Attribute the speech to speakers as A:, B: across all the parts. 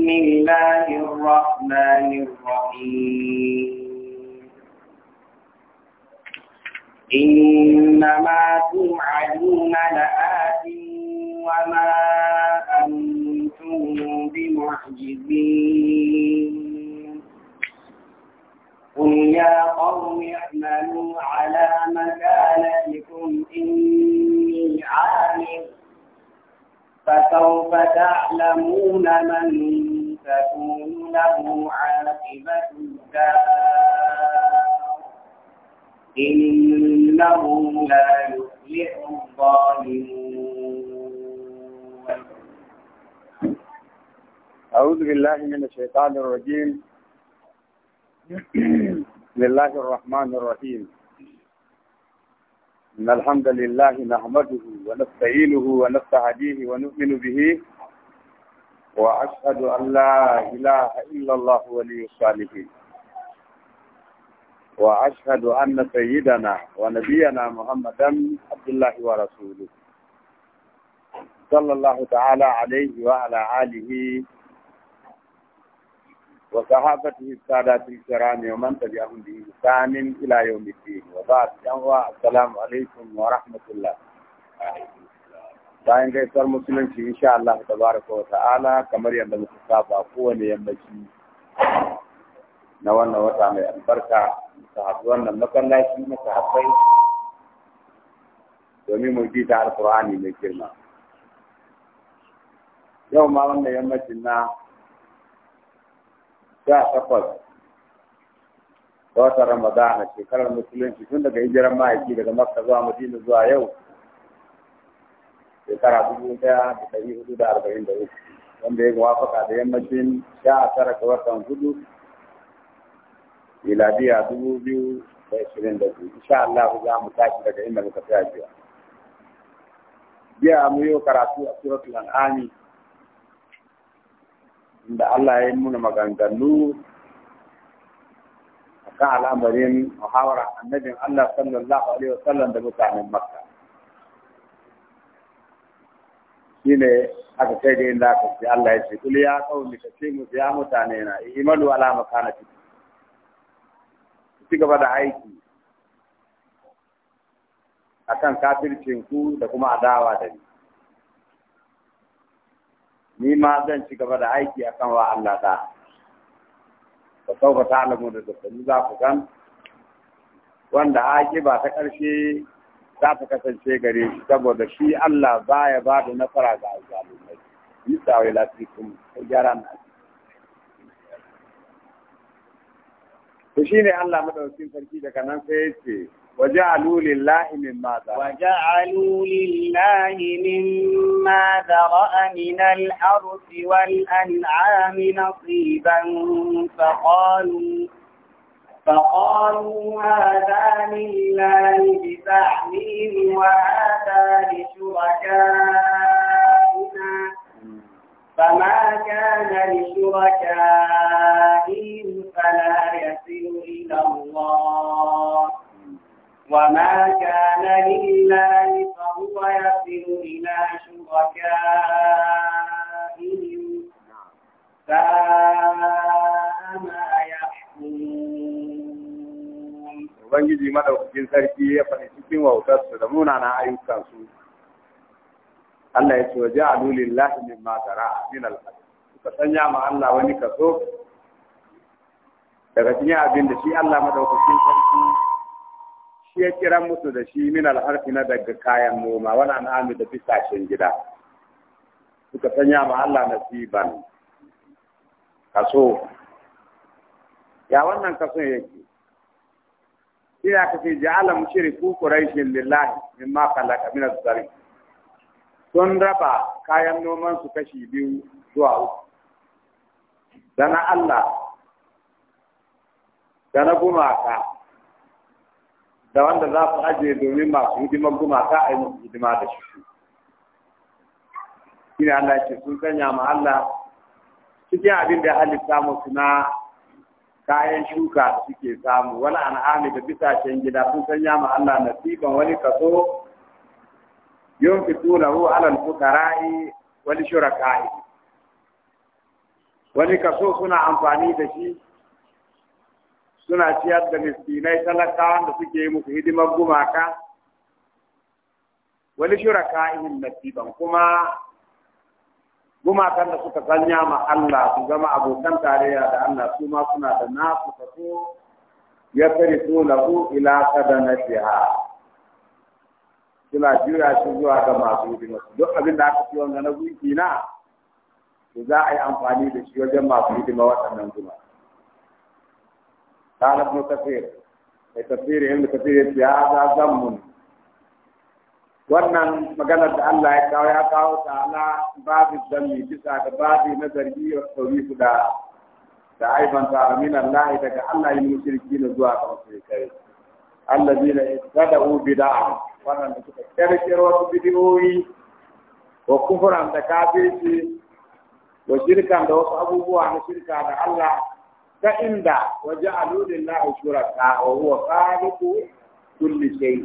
A: بسم الله الرحمن الرحيم إنما توعدون لآت وما أنتم بمعجزين قل يا قوم اعملوا على مكانتكم إني عامل فسوف تعلمون من تكون له عاقبة الدار إنه لا يفلح الظالمون
B: أعوذ بالله من الشيطان الرجيم
A: بسم
B: الله الرحمن الرحيم إن الحمد لله نحمده ونستعينه ونستهديه ونؤمن به وأشهد أن لا إله إلا الله ولي الصالحين وأشهد أن سيدنا ونبينا محمدا عبد الله ورسوله صلى الله تعالى عليه وعلى آله وصحابة السادات الكرام ومن تبعهم بإحسان إلى يوم الدين وبعد جنوة السلام عليكم ورحمة الله سائن كي سر مسلم شي إن شاء الله تبارك وتعالى كمر يمد المخصاب أقوان يمد نوان نوان تعمي البركة صحابوان نمك الله شي مصحابي ومي مجيد على القرآن يمكرنا يوم ما ومي يمد sha takwas da watan ramadana shekarar musulunci tun daga hijiran ma'aiki daga makka zuwa madina zuwa yau shekara dubu daya da ɗari hudu da arba'in da uku wanda ya wafaka da yammacin sha tara ga watan hudu miladiya dubu biyu da ashirin da biyu insha Allah za mu tashi daga inda muka tsaya jiya Biya mu yi karatu a suratul an'ami da Allah ya nuna maganganu a kan al'amarin muhawara annabin Allah sallallahu Alaihi wasallam da mutanen Makka. Shi ne aka kai da yin lafafi Allah ya ce, Kuli ya kawo ka ce musu ya mutane na, imalu alama kana ciki. Ci gaba da aiki a kan kafircinku da kuma adawa da ni. ni ma zan ci gaba da aiki akan wa Allah ta. ka sauka ta alamu da dabbani za ku gan wanda aki ba ta ƙarshe za ta kasance gare shi saboda shi Allah baya ba da nasara ga azzalumai yi tsawai lafikum ko gyara na to ne Allah madaukakin
A: sarki daga nan sai ya ce وجعلوا لله مما ذرأ وجعلوا لله مما ذرأ من الحرث والأنعام نصيبا فقالوا فقالوا هذا لله بزعمهم وهذا لشركائنا فما كان لشركائنا وما كان لله فهو يصل إلى شركائهم ساء ما يحكمون
B: Ubangiji madaukakin sarki ya faɗi cikin wautarsu da munana ayyukansu. Allah ya ce wa ja'alu lillahi mimma zara'a min al-hadi. Suka sanya ma Allah wani kaso daga cikin abin da shi Allah madaukakin sarki shi ya kira musu da shi min al'arfi na daga kayan noma wani an'ami da bisashen gida suka sanya ma Allah nasiban kaso ya wannan kaso yake shi ya kace ja'ala ku quraishin lillahi mimma khalaqa min az tsari? sun raba kayan noman su kashi biyu zuwa uku dana Allah dana gumaka da wanda za ku ajiye domin masu hidimar gumaka a yi musu hidima da shi shine Allah ya ce sun sanya ma Allah cikin abin da halitta musu na kayan shuka da suke samu wani an'ami da bisashen gida sun sanya ma Allah nasiban wani kaso yunfitunahu ala al wani shura shuraka'i wani kaso suna amfani da shi suna ciyar da miskinai talakawan da suke yi musu hidimar gumaka wani shuraka ihin nasiban kuma gumakan da suka sanya ma Allah su zama abokan tarayya da Allah su ma suna da nasu kaso ya tsari so ku ila kada na shiha suna jira shi zuwa ga masu hidimarsu duk abin da aka wanda na gunki na to za a yi amfani da shi wajen masu hidima waɗannan gumaka قال ابن كثير هند كثير wannan maganar da Allah ya kawo ya kawo ta'ala babu zammi bisa ga babu na wa tawifu da da Allah daga Allah yin mushriki na zuwa ga mushrikai bid'a wannan da suka kirkiro wasu bidiyoyi kufran da kafirci wa shirkan da wasu abubuwa na shirka da Allah ta inda waje alulillahi shuraka wa huwa khaliqu kulli shay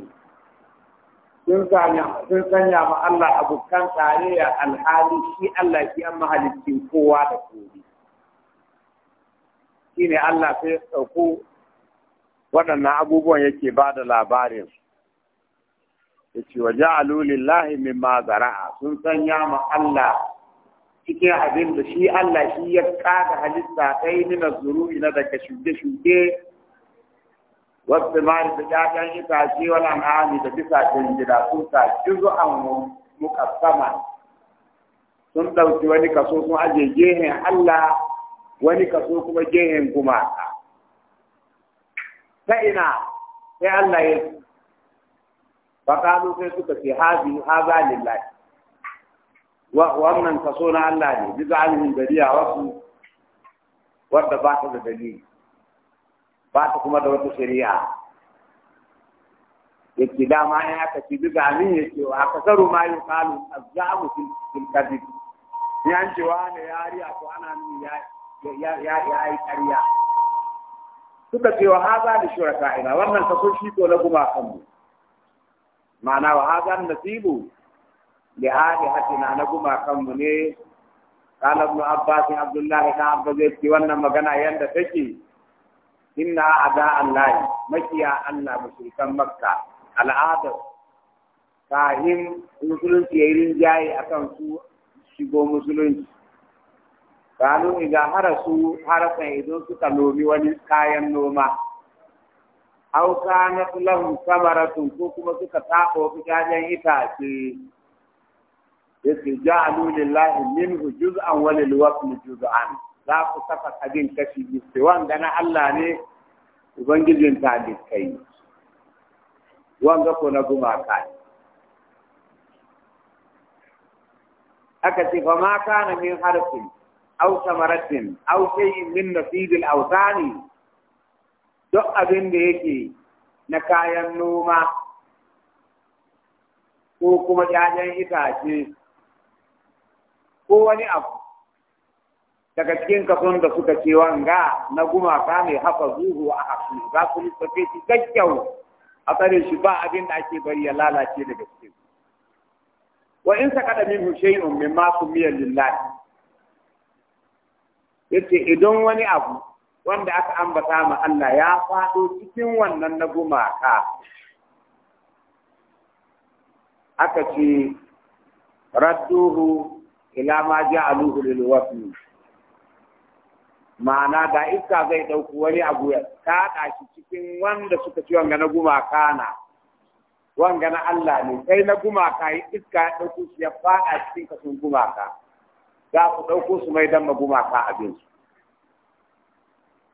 B: sun sanya sun sanya ma Allah abokan tarayya alhali shi Allah shi an mahalicin kowa da kowa shine Allah sai ya dauko waɗannan abubuwan yake ba da labarin ya ce wa ja'alu lillahi mimma zara'a sun sanya ma Allah cikin abin da shi Allah shi ya kada halitta kai na zururi da daga shuke-shuke wasu mari da ƴaƴan itace wal amani da bisa can gida sun ta mu muqassama sun ɗauki wani kaso sun aje gehen Allah wani kaso kuma gehen gumaka ta ina sai Allah ya faƙalu sai suka ce hazi haza lillahi wannan kaso na Allah ne bisa alimin dariya wasu wadda ba ta da dalili ba ta kuma da wata shari'a yake dama ya aka ci bisa alimin ya ce wa aka saru ma yi kalu a zamu fil kadid ya ce wa ne yari a ko ana
A: nuni ya yi kariya suka ce wa haza da shuraka
B: ina wannan kaso shi ko na kuma kan mu ma'ana wa haza nasibu Lihali, haɗinan na mu ne. Salisu Abbas Abdullahi ta Abba zai fi wannan magana yadda take ke. Inna a da Allah ki makiyan Allah ma shirukan Makka al'adar. Fahim Musulunci ya yi akan a kan shigo Musulunci. Ralu idan harasu harsan idan suka nomi wani kayan noma. Hauka na tulowar samara tun kuma suka taɓo shajen itace. yace ja'alu lillahi minhu juz'an wa lil wasl juz'an za ku saka abin kashi biyu sai wanda na Allah ne ubangijin ta da kai wanga ko na gumaka aka ce fa ma kana min harfin aw samaratin aw shay'in min al awtani duk abin da yake na kayan noma ko kuma 'ya'yan itace ko wani abu daga cikin kason da suka ce wanga na gumaka mai hafa zuhu a hafi za su lissafe shi kakkyau a tsare shi ba abin da ake bari ya lalace daga cikin wa in saka da min hushayun masu miyar sumiya lillahi yace idan wani abu wanda aka ambata ma Allah ya faɗo cikin wannan na gumaka aka ce radduhu ila ma ja'aluhu lil wasl ma'ana da iska zai dauku wani abu ya kada shi cikin wanda suka ci wanga na gumaka na wanga na Allah ne sai na gumaka yi iska ya dauku shi ya a cikin kasun gumaka za ku dauko su mai dan gumaka abin su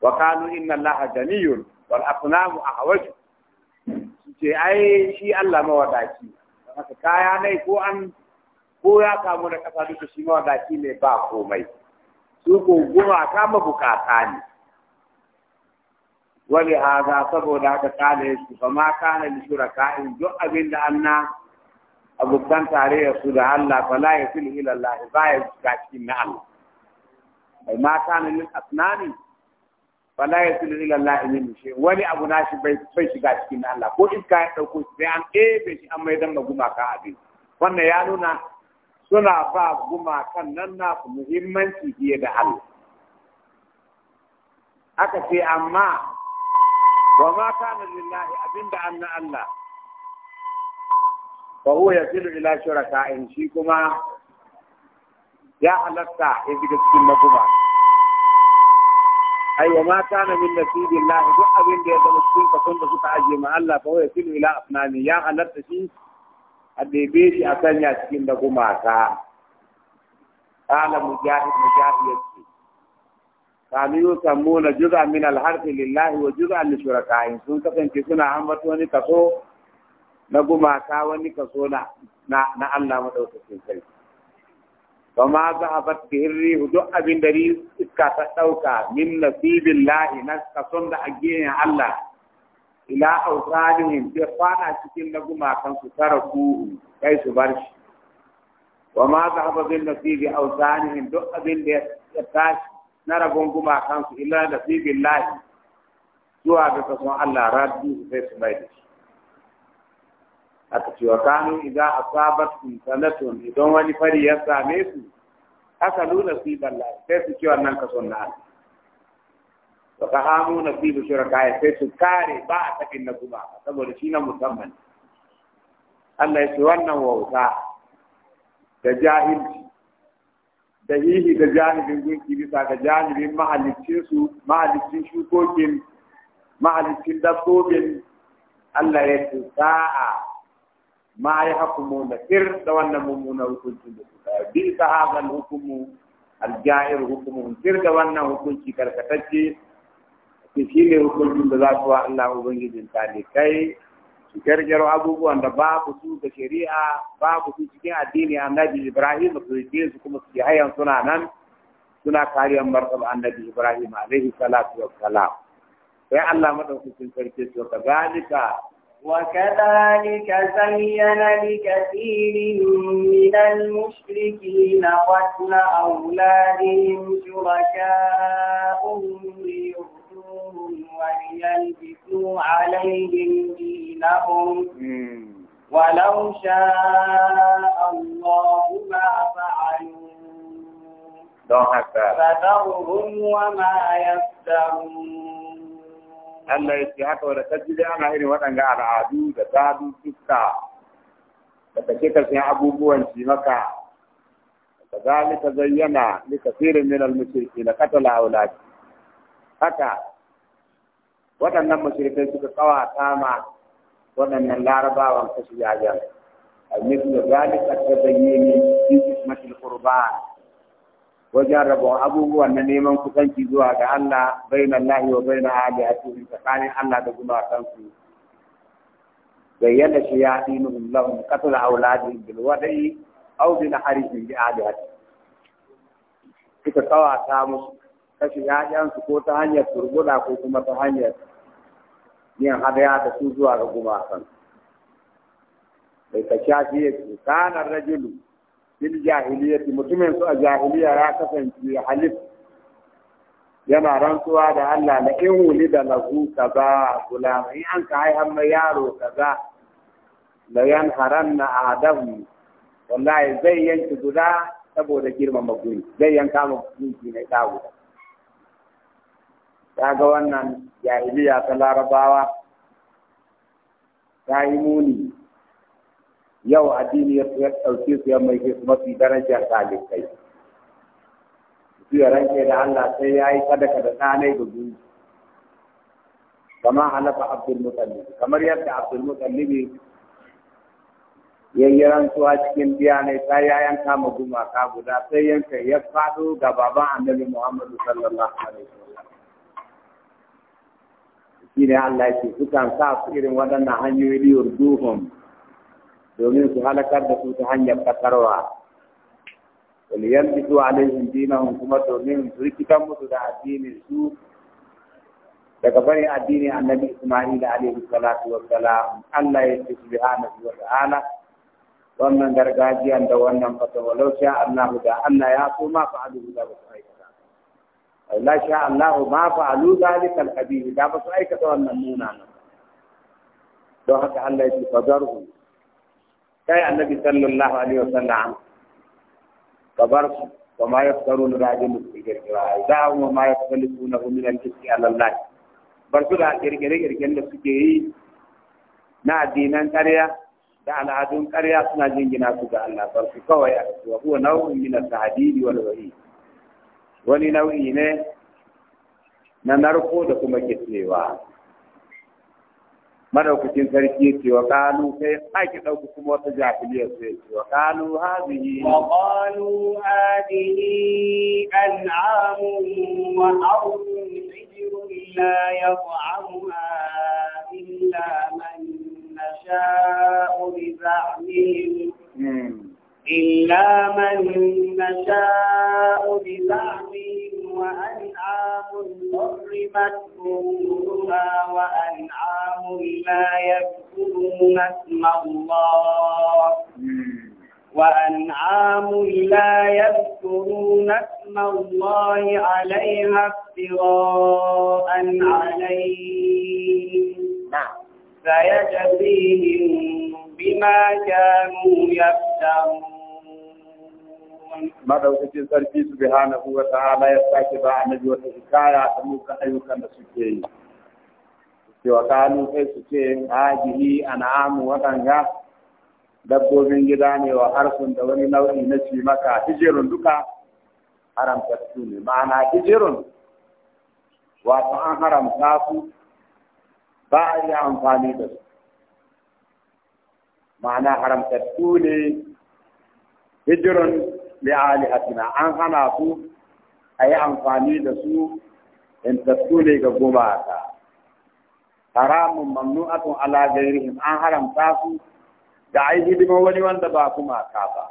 B: wa qalu inna allaha ganiyun wal asnamu ahwaj ce ai shi Allah mawadaci haka kaya nai ko an ko ya kamu da kasa duka shi ma wadaki ne ba komai su ko ma mabukata ne wani haza saboda haka kane su ba ma da li shuraka'in jo abin da anna tare tarayya su da Allah fa la yasil ila Allah ba ya ga cikin na Allah ai ma kane lil asnani fa la yasil ila Allah min shi wani abu na shi bai bai shiga cikin na Allah ko iska ya dauko sai an ebe shi an mai danga gumaka abin wannan ya nuna suna ba gumakan nan nasu muhimmanci fiye da Allah. Aka ce, amma, wa ma kana lillahi abinda anna Allah, fa huwa ya filu ila in shi kuma ya halatta ya shiga cikin maguma. Ai, wa ma kana min nasibi Allah duk abinda ya zama cikin kason da suka ajiye ma Allah fa huwa ya filu ila asnani ya halatta shi a bebe shi a sanya cikin da gumaka kala mujahid mujahid yake kanu na juz'an min al lillahi wa juz'an li shurakain sun kasance suna ambato wani kaso na gumaka wani kaso na na Allah madaukakin sarki ba ma za a bat hirri duk abin da iska ta dauka min nasibillahi na kason da a Allah ila autanihim sai kwana cikin na gumakan su tara kuhu kai su bar shi wa ma zahaba bin nasibi autanihim duk abin da ya tashi na rabon gumakan su ila nasibin lahi zuwa ga kason Allah raddu sai su bai da shi aka ce a kanu idan sanatun idan wani fari ya same su aka nuna siban lahi sai su ci wannan kason na Allah fa qahamu naqibu shuraka sai su kare ba a sakin na kuma saboda shi na musamman Allah ya ce wannan wauta da jahilci da hihi da jahilin gunki bisa ga jahilin mahalicin su mahalicin shukokin mahalicin dabbobin Allah ya ce sa'a ma ya hukumu da wannan mummunan hukunci ta da wannan karkatacce to shi ne hukuncin da za su wa Allah Ubangijin talikai su gargaro abubuwan da babu su da shari'a babu su cikin addini annabi Ibrahim su rike su kuma su yi hayan suna nan suna kariyar martaba annabi Ibrahim alaihi salatu wa salam sai Allah madaukakin sarki ka kazalika
A: وكذلك زين لكثير من المشركين قتل أولادهم شركاؤهم وليلبسوا عليهم دينهم ولو شاء الله ما فعلوا فذرهم وما يفترون
B: Allah ya ce haka wadda ta ji ana irin waɗanga al'adu da gado suka da kake kasin abubuwan ci maka da zalika zayyana li kafirin min al-mushriki la qatala awlad haka waɗannan mashirikai suka kawa sama waɗannan larabawan ta su yajan almis da zalika ta bayyane shi mashil kurba wajen rabo abubuwan na neman kusanci zuwa ga Allah bai na lahi bai na hali a cikin tsakanin Allah da guna a kansu bayyana shi ya fi nuhun lahun katula a wuladin bilwadai auzi na harifin bi adiyati suka kawa ta musu kashi yajan su ko ta hanyar turbuda ko kuma ta hanyar yin hadaya da su zuwa ga gumakan Mai ka shafi ya ce kanar rajulu bil jahiliyyati mutumin su a jahiliya ya kasance halif yana rantsuwa da Allah na in wuli da lahu kaza gulam in an ka haihan mai yaro kaza la na adamu wallahi zai yanki guda saboda girman maguni zai yanka maguni ne ta guda kaga wannan jahiliya ta larabawa ta yi muni yau addini ya ɗauke su yamma ke su mafi darajar ɗalibai su ya ranke da Allah sai ya yi sadaka da ɗanai da zuwa kama halafa abdulmutallib kamar yadda abdulmutallib ya yi rantsuwa cikin biyanai ta yayan kama gumaka guda sai yanka ya faɗo ga baban annabi muhammadu sallallahu
A: alaihi shi ne Allah yake
B: sukan sa su irin waɗannan hanyoyi liyar duhun domin su halakar da su ta hanyar fatarwa wal yambitu alaihim dinahum kuma domin su rikitan musu da addinin su daga bari addini annabi Isma'il alaihi salatu wassalam Allah ya ce subhanahu wa ta'ala wannan gargajiyan da wannan fatawa lauciya Allah da Allah ya so ma fa'alu da ba su la sha Allah ma fa'alu zalikal da ba su aikata wannan munanan don haka Allah ya ce fadarhu kai annabi sallallahu alaihi wasallam kabar su wa ma yaftarun rajin kirkira da wa ma yaftalifuna min al-kitab ala Allah bar su da kirkire kirkiren da suke yi na addinan karya da al'adun karya suna jingina su ga Allah kawai a wa huwa naw'un wani nau'i ne na narko da kuma kitsewa madaukakin sarki ce wa kanu sai ake ɗauki kuma wata jahiliyar sai ce wa kanu
A: hazihi wa kanu hadihi an'amu wa ardun hijrun la yat'amuha illa man nasha'u bi za'mihim hmm. إلا من نشاء بزعمهم وأنعام حرمت ظهورها وأنعام لا يذكرون اسم الله وأنعام لا يذكرون اسم الله عليها افتراء عليه نعم. سيجزيهم بما كانوا يفعلون
B: madaukakin sarki kuwa ta hala ya sake ba nabi wata hikaya ta muka ayyukan da suke yi cewa kalu sai su ce ana amu waɗanga dabbobin gida ne wa harsun da wani nau'i na ci maka hijirun duka su ne ma'ana hijirun wato an haramta su ba a yi amfani da su ma'ana su ne hijirun li alihatina an hana su a yi amfani da su in tattu ne ga ta haramun mamnu'atun ala gairihim an haramta su da ai hidima wani wanda ba kuma ka ba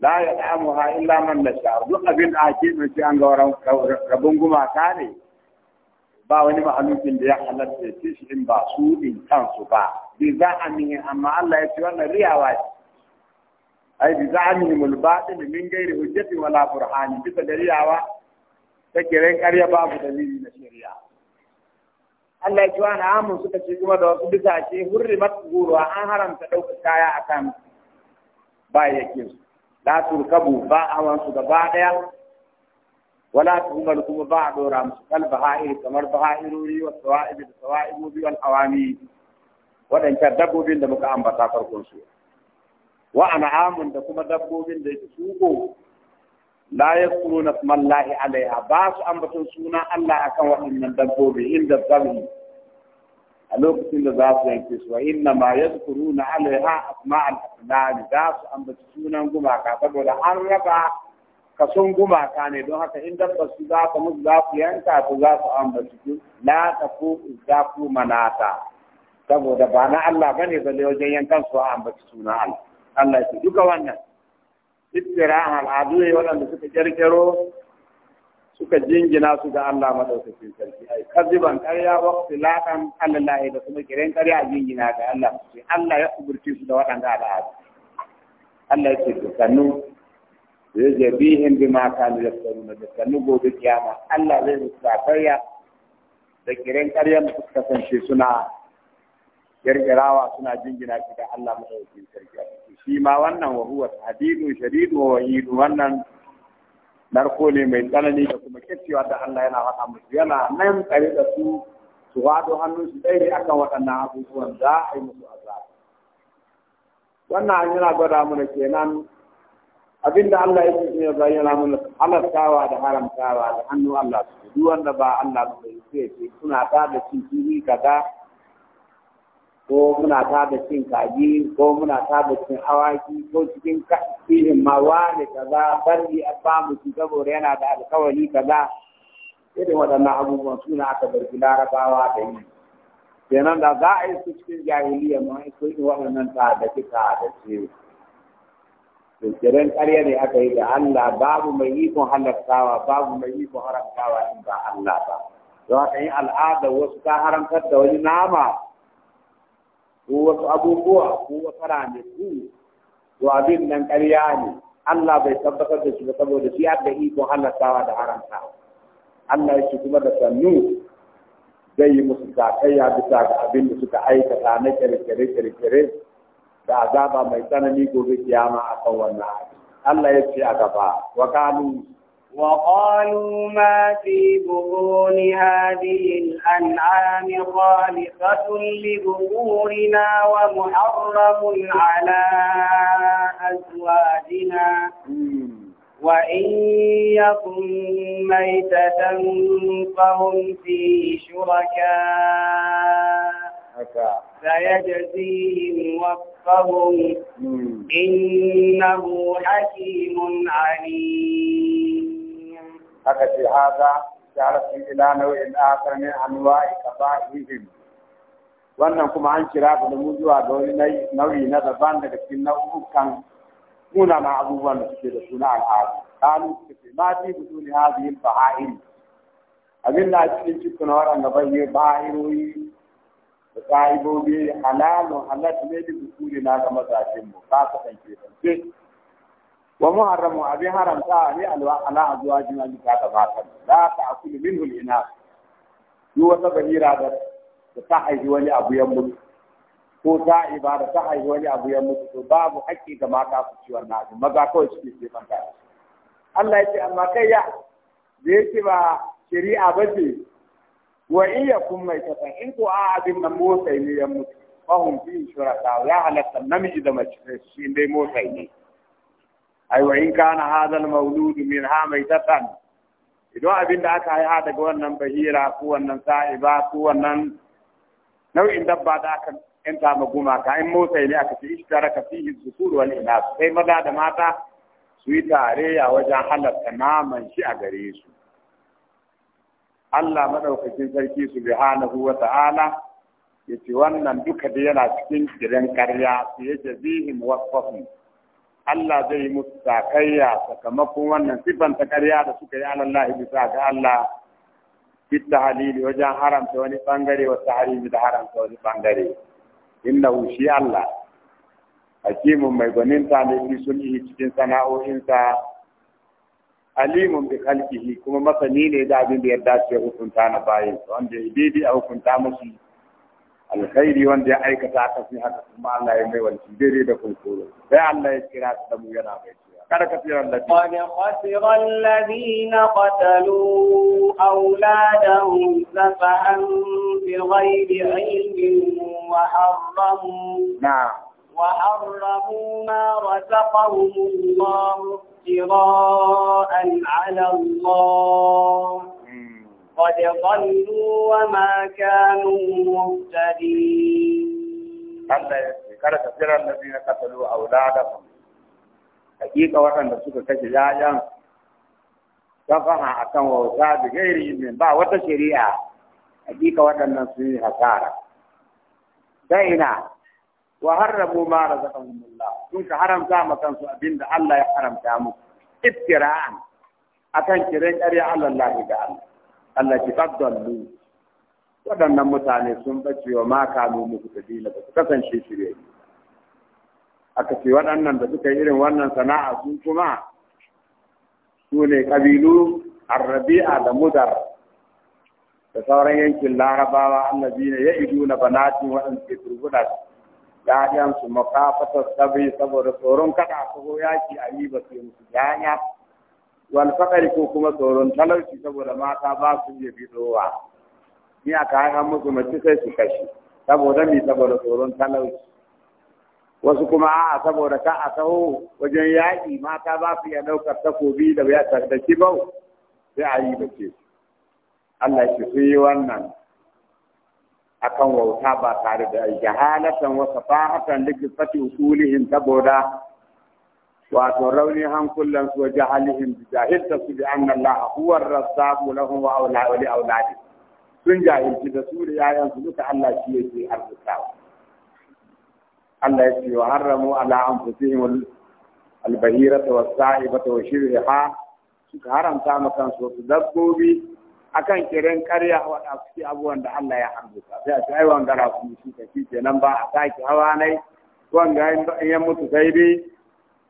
B: la ya damu ha illa man da duk abin da ake mai an ga goma gumaka ne ba wani mahalukin da ya halatta ya shi in ba su in kansu ba bi za a amma Allah ya ce wannan riyawa ai bi zamihim al-batil min ghairi hujjati wala burhani bisa dariyawa ta kiran ƙarya babu dalili na shari'a Allah ya ci wani amun suka ce kuma da wasu bisa ce hurri guruwa an haramta ɗauka kaya akan bayyakin su la turkabu ba awan su gaba ɗaya wala tuhumar kuma ba a ɗora musu kal baha'ir kamar baha'irori wa sawa'ib da sawa'ibobi wal awami waɗancan dabbobin da muka ambata farkon su wa an'amun da kuma dabbobin da yake suko la yaquluna smallahi alaiha ba su ambaton suna Allah akan waɗannan dabbobi inda zalmi a lokacin da za su yanke su wa inna ma yadhkuruna alaiha asma'al asnam za su ambaci sunan gumaka saboda an raba kason gumaka ne don haka in dabba su za ta musu za su yanka su, za su ambaci la za ku manata saboda ba na Allah bane balle wajen yankan su a ambaci sunan Allah Allah ya duka wannan ittira al'adu ne waɗanda suka kirkiro suka jingina su ga Allah madaukakin sarki ai kaziban ƙarya wa filatan Allah da kuma kiran ƙarya jingina ga Allah sai Allah ya kuburce su da waɗanda al'adu Allah ya ce dukanu zai jabihin bima kanu yasaruna dukanu gobe kiyama Allah zai musu da kiran ƙarya da suka kasance suna kirkirawa suna jingina shi da Allah madaukakin sarki shi ma wannan wa huwa hadidu shadidu wa yidu wannan narko ne mai tsanani da kuma kirkiwa da Allah yana faɗa musu yana nan tare da su su wado hannu su dai ne akan waɗannan abubuwan za a yi musu wannan yana gwada mana kenan da Allah yake yi ya bayyana mana halartawa da haramtawa da hannu Allah su duk wanda ba Allah ba sai suna ta da cikin kaza ko muna ta cin kaji ko muna ta cin awaki ko cikin irin mawa da kaza barri a bamu ci saboda yana da alkawari kaza irin waɗannan abubuwan suna aka barki larabawa da yi kenan da za a yi su cikin jahiliya ma su yi waɗannan ta da kika da ce kirkiren ƙarya ne aka yi da Allah babu mai ikon halartawa babu mai ikon haramtawa in ba Allah ba don haka yi al'ada wasu ta haramtar da wani nama ko wasu abubuwa ko wasu ranaku to abin nan ƙarya ne Allah bai tabbatar da shi ba saboda shi da iko halattawa da haramta Allah ya ce kuma da sannu zai yi musu zakayya bisa ga abin da suka aikata na kirkire-kirkire da azaba mai tsanani gobe kiyama a kan wannan Allah ya ce a gaba wa kanu
A: وقالوا ما في بطون هذه الأنعام خالصة لبطوننا ومحرم على أزواجنا وإن يكن ميتة فهم فيه شركاء سيجزيهم وفقهم إنه حكيم عليم haka ce haza ya rasu ila nau'in akhar ita ba qada'ihim
B: wannan kuma an kira ku da mu zuwa ga wani nau'i na daban daga cikin nau'ukan muna ma abubuwan da suke da suna al'adu kanu suka ce ma fi butuni yin al-baha'im abin da cikin cikin waɗanda bayyana ba'iroyi da sa'ibobi halalun halatta ne da butuni na ga mazajen mu ka kasance wa muharramu abin haramta ne alwa ala azuwa jina ni ka da ta la ta akulu minhu al-inas yi wata bahira da ta haihi wani abu ya mutu ko ta ibada ta haihi wani abu ya mutu to babu haƙƙi ga mata su ci wannan abin maza kawai suke ce manta Allah ya ce amma kai ya da yake ba shari'a ba ce wa in yakun mai tafa in ko a abin nan motsai ne ya mutu fahim fi shuraka ya halatta namiji da mace shi dai motsai ne ai wa in kana Mauludu min ha mai tatan idan abin da aka haiha daga wannan bahira ko wannan sa'iba ko wannan nau'in dabba da aka yanta ma gumaka in motsa ne aka ce ka fihi zukur wal inas sai maza da mata su yi tare a wajen halatta naman shi a gare su Allah madaukakin sarki subhanahu wa ta'ala yace wannan duka da yana cikin gidan karya su yake zihim wasfahum Allah zai yi musu sakayya sakamakon wannan siffan ta karya da suka yi alallahi bisa ga Allah fitta halili wajen haramta wani bangare wa tahrimi da haramta wani bangare Inna shi Allah hakimun mai gwaninta ne sun sulhi cikin sana'o'insa alimun bi khalqihi kuma masani ne da abin da ya dace hukunta na bayin wanda ya daidai a hukunta musu الخير وندي أيك تعتصي هذا ثم الله يمي والشديري دكول كول ده الله يكرات دمو ينا قد
A: خسر الذين قتلوا أولادهم سفها بغير علم وحرموا نعم وحرموا ما رزقهم الله افتراء على الله قد ضلوا وما كانوا
B: مهتدين Allah ya kada ka jira annabi na katalu auladahum hakika waɗanda suka kashe yayan kafaha akan wauta da gairi min ba wata shari'a hakika waɗannan sun yi hasara daina wa harrabu ma razaqahumullah sun ka haramta ma kansu abinda Allah ya haramta muku iftira'an akan kiran ƙarya Allah lahi da Allah Allah ki waɗannan mutane sun bace wa ma kanu muku tabila ba su kasance shirye aka ce waɗannan da suka yi irin wannan sana'a su kuma su ne kabilu arrabi'a da mudar da sauran yankin larabawa annabi ne ya idu na banatin waɗanda ke turbuɗa ‘ya'yansu makafatar sabi saboda tsoron kada ko yaki a yi ba su yi musu ‘ya'ya wal faqari ko kuma tsoron talauci saboda mata ba su iya bidowa ni aka haifa musu mace sai su kashe saboda mi saboda tsoron talauci wasu kuma a'a saboda ka a taho wajen yaƙi mata ba su iya ɗaukar takobi da ya ki bau sai a yi da ke Allah shi su yi wannan akan wauta ba tare da jahalatan wasa fahatan likifati usulihin saboda wato rauni hankulan su wajen halihin ta su bi anna Allah huwa razzaqu lahum wa awla auladi, sun jahilci da su da yayan su duka Allah shi yake arzuta Allah ya ce wa haramu ala anfusihim albahirata was-sa'ibata wa shirha suka haramta ma kansu su dabbobi akan kiran karya waɗa suke abubuwan da Allah ya arzuta sai a ce ai wangara su shi ke kenan ba a sake hawa nai wanga in ya mutu sai dai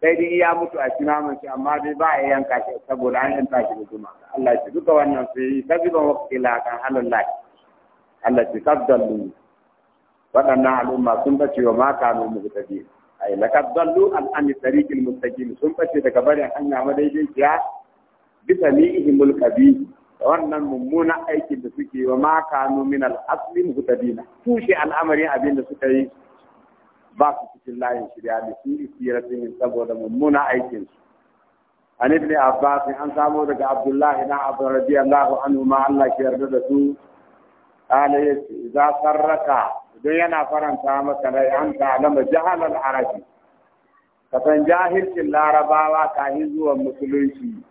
B: sai dai ya mutu a tunamin shi amma dai ba a yanka shi saboda an yanka shi kuma. Allah shi duka wannan su yi kaziban wakila kan halin lafi Allah shi kabdallu waɗannan al'umma sun bace wa ma kanu ta biyu. laqad dallu an an tarikin mustaqim sun bace daga barin hanya madaidaiciya bisa Mulkabi. kabir wannan mummuna aikin da suke wa ma kanu min ta biyu tushe al'amarin abin da suka yi ba su cikin layin shirya da su yi saboda mummuna aikin su an ibn abbas an samo daga abdullahi na abu radiyallahu anhu ma Allah ke yarda da su ala ce za sarraka idan yana faranta maka rai an ta alama jahalal arabi ka san jahilcin larabawa yi zuwa musulunci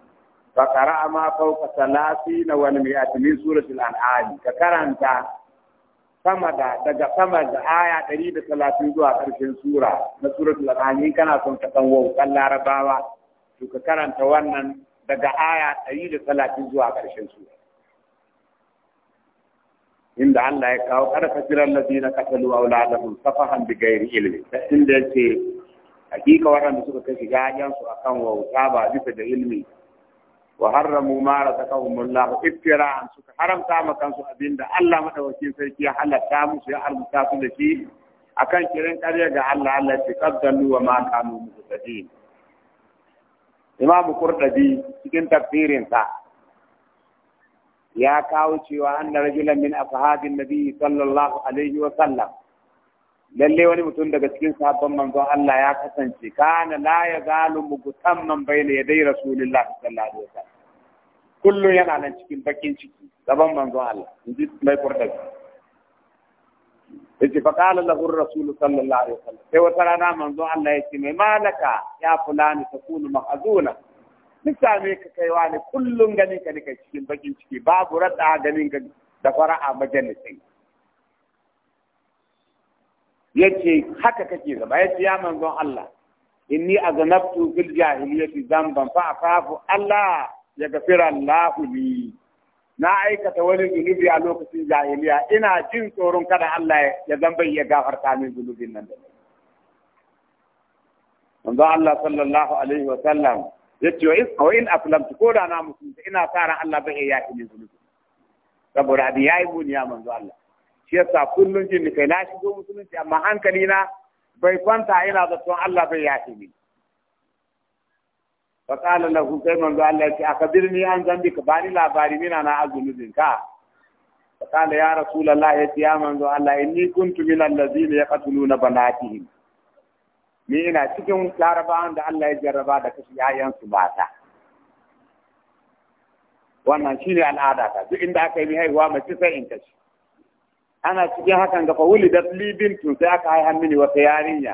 B: ka qara'a ma Salafi na Wani mai atimin suratul an'am ka karanta sama da daga sama da aya ɗari da talatin zuwa ƙarshen sura na suratul an'am kana son ka san wautan larabawa to ka karanta wannan daga aya ɗari da talatin zuwa ƙarshen sura inda Allah ya kawo jiran ladina katalu auladahum safahan bighairi ilmi inda yake hakika waɗanda suka kai gayan su akan wauta ba bisa da ilmi wa harramu ma razaqahumullah iftira'an suka haramta ma kansu abinda Allah madaukakin sarki ya halatta musu ya haramta su da shi akan kiran ƙarya ga Allah Allah ya kaddalu wa ma kanu muhtadin Imam Qurtubi cikin tafsirin sa ya kawo cewa anna rajulan min ashabin nabi sallallahu alaihi wa sallam lalle wani mutum daga cikin sahabban manzo Allah ya kasance kana la ya zalu mugutamman bayna yaday rasulillah sallallahu alaihi wasallam kullu yana nan cikin bakin ciki gaban manzo Allah inji mai kurta yace fa qala lahu rasul sallallahu alaihi wasallam sai wata rana manzo Allah yace mai malaka ya fulani takunu mahzuna duk same ka kaiwa ne kullun ganin ka ne cikin bakin ciki babu rada ganin ka da fara'a majalisai yace haka kake zama yace ya manzon Allah inni aznabtu fil jahiliyyati dhanban fa afafu Allah ya gafira Allah li na aikata wani zunubi a lokacin jahiliya ina jin tsoron kada Allah ya zamba ya gafarta min zunubin nan da manzo Allah sallallahu alaihi wa sallam yace wa in aflamtu ko da na musulunta ina sa ran Allah bai yafi min zunubi saboda abin abi yayi buniya manzo Allah shi yasa kullun jin kai na shigo musulunci amma hankali na bai kwanta ina zaton Allah bai yafi ni fa qala lahu sai manzo Allah ya akabirni an zambi ka bani labari mina na azumin ka fa qala ya rasulullahi ya tiya manzo Allah inni kuntu min allazina yaqtuluna banatihim ni ina cikin larabawan da Allah ya jarraba da kashi yayansu mata wannan shine al'ada ta duk inda aka yi haihuwa mace sai in kashi ana cikin hakan ga fawuli da libin tun sai aka yi mini wata yarinya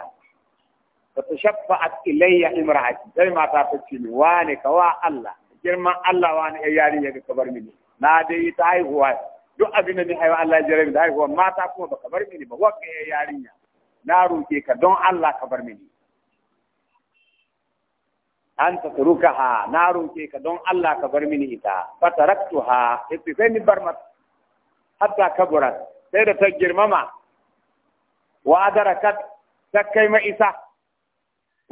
B: ba ta shafa a ilayya imra'ati sai mata ta ce min wane ka wa Allah girman Allah wani ai yarinya ga kabar mini na dai ta haihuwa duk abin da ni haihuwa Allah ya jarabi da haihuwa mata kuma ba kabar mini ba wakka ai yarinya na roke ka don Allah kabar mini an ha na roke ka don Allah kabar mini ita fataraktuha sai ni bar mata hatta kaburat sai da ta girmama wa adarakat ta kai isa,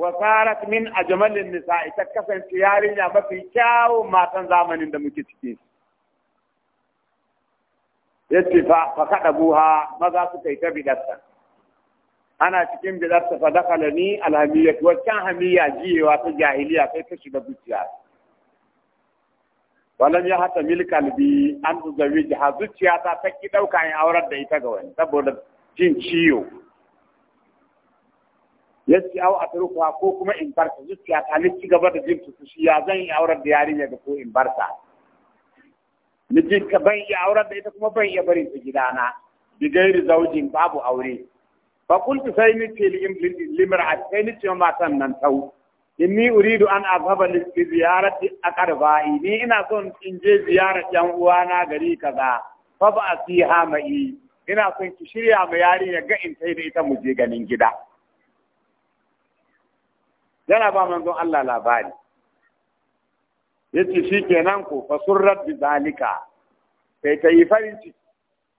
B: wa sarat min ajmalin nisa'i ta kasance yarinya mafi kyawun matan zamanin da muke ciki
A: yace fa
B: fa kada buha maza su yi ta bidarta ana cikin bidarta fa dakala ni alhamiyya wa kan hamiya ta jahiliya sai ta shiga zuciya walam ya hata mil kalbi an tuzawi ha zuciya ta ta ki dauka in aurar da ita ga wani saboda jin ciwo yasi au atruka ko kuma in barta zuciya ta ni ci gaba da jin tukushi ya zan yi aurar da yarinya da ko in barta ni ji ka ban iya aurar da ita kuma ban iya barin ta gidana bi gairi zaujin babu aure fa kuntu sai ni ce li sai ni ce matan nan tau inni uridu an azhaba li ziyarati aqrabai ni ina son in je ziyarar yan uwana gari kaza fa ba fiha mai ina son ki shirya ma yarinya ga in sai da ita mu je ganin gida yana ba manzon Allah labari yace shikenan ko fasurrat bi zalika sai ta yi farin ciki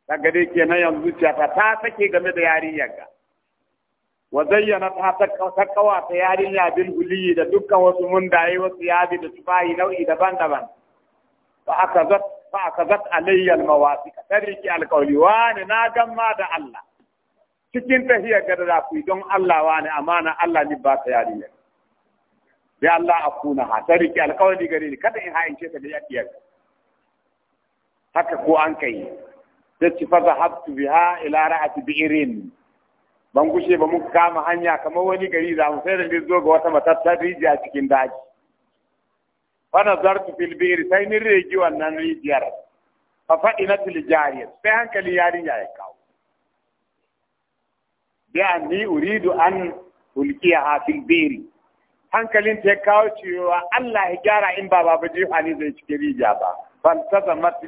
B: daga dai kenan yanzu ta ta sake game da yarinyar ga wa zayyana ta ta kawata yarinya bil huliyi da dukkan wasu mundaye wasu yadi, da tufahi nau'i daban-daban fa aka zat fa aka zat alayya al mawasiq tariki al qawli wa ne na gamma da Allah cikin tahiyya gada da ku don Allah wa ne amana Allah ni ba ta yarinya Bi Allah akuna ha tariki al qawli gari ni kada in ce ta da yakiyar haka ko an kai sai ci fa zahabtu biha ila ra'ati bi'irin ban gushe ba muka kama hanya kamar wani gari za mu sai da zo ga wata matattar rijiya cikin daji fana zartu fil bir sai ni regi wannan rijiyar fa fa'inatul jariya sai hankali yarinya ya kawo bi anni uridu an ulqiyaha fil bir hankalin ta kawo cewa Allah ya gyara in ba baba jefa ni zai cikin rijiya ba ban tazamat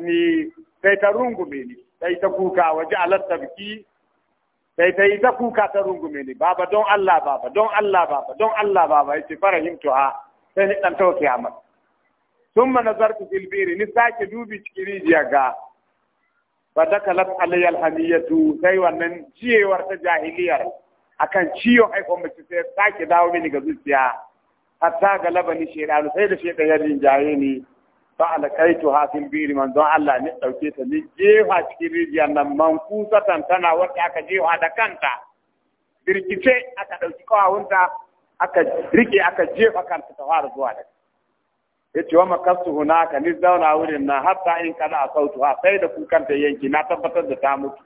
B: sai ta rungume ni sai ta kuka waje alatta biki sai ta yi ta kuka ta rungume ni baba don Allah baba don Allah baba don Allah baba yace farahimtuha sai ni dan tausaya mata thumma nazartu fil biri ni sake dubi cikin rijiya ga fa dakalat alayya alhamiyatu sai wannan ciyewar ta jahiliyar akan ciyo haifon mace sai sake dawo mini ga zuciya hatta galaba ni shedanu sai da shedan yarin rinjaye ni fa alqaitu hafin biri man don Allah ne dauke ta ne jefa cikin rijiyar nan man kusa tana wata aka jefa da kanta birkice aka dauki kawunta aka rike aka jefa kanta ta fara zuwa da yace wa makastu hunaka ni zauna wurin na hatta in kada a sautu ha sai da kukan ta yanki na tabbatar da ta mutu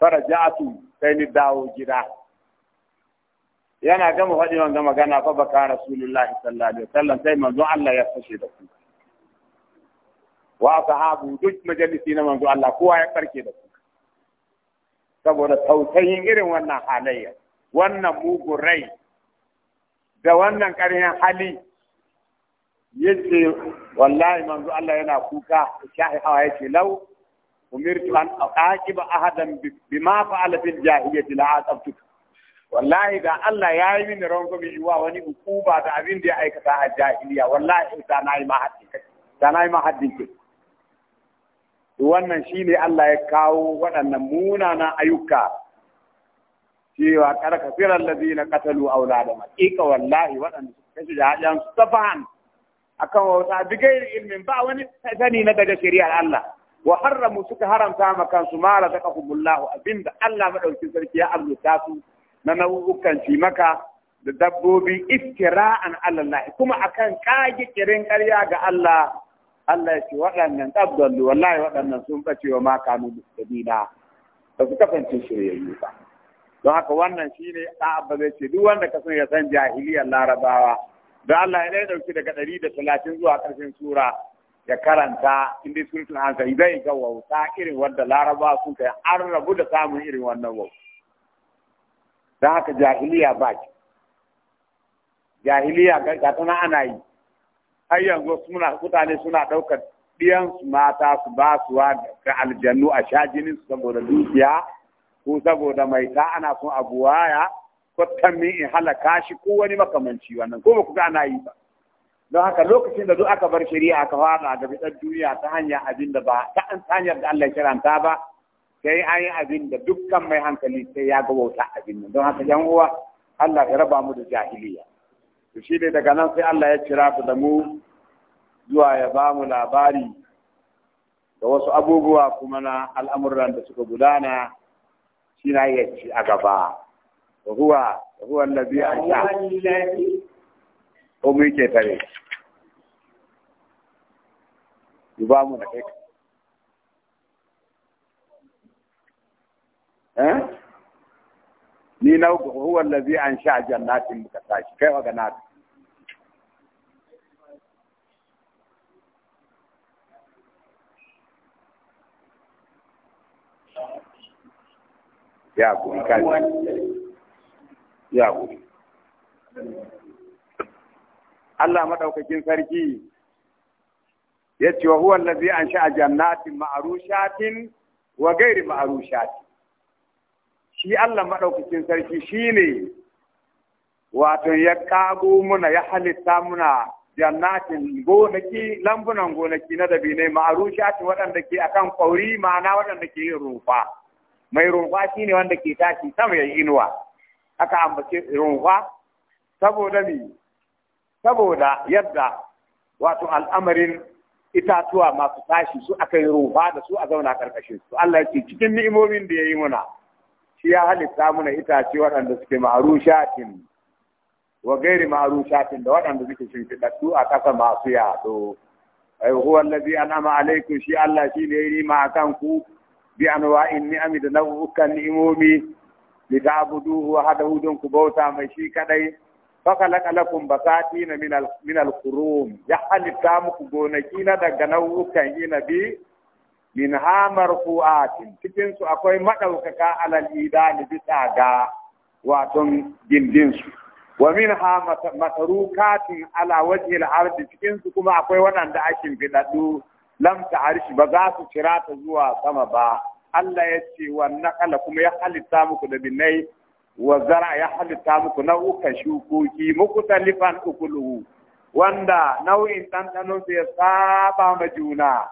B: faraja'atu sai ni dawo gida yana gama faɗi wanga magana fa baka rasulullahi sallallahu alaihi wasallam sai manzo Allah ya fashe da kuka wa sahabu duk majalisi na manzo Allah kowa ya farke da su saboda tausayin irin wannan halayya wannan mugun rai da wannan ƙarin hali yace wallahi manzo Allah yana kuka shahi hawa yace lau umirtu an aqiba ahadan bima fa'ala fil jahiliyyati la aqabtu wallahi da Allah ya yi mini rango mi wa wani ukuba da abin da ya aikata a jahiliya wallahi da na yi ma haddi kai da na yi ma haddi wannan shine Allah ya kawo waɗannan munanan ayyuka cewa na kafiran a qatalu da haqiqa wallahi waɗanda suka kashe jahan su tafahan akan wata bigair ilmin ba wani sani na daga shari'ar Allah wa haramu suka haramta ma kansu ta la takahumullahu abinda Allah madaukin sarki ya arzuta su na nau'ukan maka da dabbobi iftira'an Allah kuma akan kage kirin ƙarya ga Allah Allah ya ce waɗannan abdullu wallahi waɗannan sun bace wa ma kanu ɗina. ba su kasance shiryayyu ba don haka wannan shi ne a zai ce duk wanda ka san ya san jahiliyar larabawa da Allah ya ɗauki daga ɗari da talatin zuwa ƙarshen sura ya karanta inda suratul ansa zai ga wauta irin wanda larabawa sun kai an rabu da samun irin wannan wauta don haka jahiliya ba ki jahiliya ga na ana yi har yanzu suna mutane suna ɗaukar su mata su ba su ga aljannu a sha jinin su saboda dukiya ko saboda mai ta ana son abu waya ko tammi in halaka shi ko wani makamanci wannan ko ba ku ga ana yi ba don haka lokacin da duk aka bar shari'a aka fara ga fitar duniya ta hanyar abin da ba ta hanyar da Allah ya karanta ba sai an yi abin da dukkan mai hankali sai ya ga wauta abin nan don haka yan uwa Allah ya raba mu da jahiliya to shi ne daga nan sai Allah ya cira ta da mu zuwa ya ba mu labari da wasu abubuwa kuma na al'amuran da suka gudana shi na iya ci a gaba da ruwan da labi a sha ko mu ke tare yi ba mu na kai eh ni na huwa allazi an sha jannatin muka tashi kai wa ganata ya kuri kai ya kuri Allah madaukakin sarki ya ce wa huwa allazi ansha jannatin ma'rushatin wa gairi ma'rushatin shi Allah maɗaukacin sarki shi ne wato ya ƙago muna ya halitta muna jannatin gonaki lambunan gonaki na ma'aru ma'arushatin waɗanda ke akan kwauri ma'ana waɗanda ke yin rumfa mai rumfa shi ne wanda ke tashi sama ya inuwa aka ambace rumfa saboda mi saboda yadda wato al'amarin itatuwa masu tashi su aka yi rumfa da su a zauna ƙarƙashin su Allah ya ce cikin ni'imomin da ya yi muna shi ya halitta muna itace waɗanda suke ma'arushatin wa gairi ma'arushatin da waɗanda suke shimfiɗaɗɗu a ƙasa masu yaɗo ai huwa allazi an'ama alaikum shi Allah shi ne yi ma kan ku bi anwa'in ni'ami da nau'ukan ni'imomi li ta'buduhu haɗa hudun ku bauta mai shi kadai fa khalaqa lakum basatina min min al ya halitta muku gonaki na daga nau'ukan inabi min ha marfu'atin cikin su akwai madaukaka alal idani bisa ga waton gindin su wa min ha matarukatin ala wajhi al cikin su kuma akwai waɗanda ake fidaddu lam arshi ba za su kira ta zuwa sama ba Allah ya ce wannan kala kuma ya halitta muku da binai wa zara ya halitta muku nau'ukan shukoki muku talifan ukuluhu wanda nau'in ɗanɗanonsu ya saba ma juna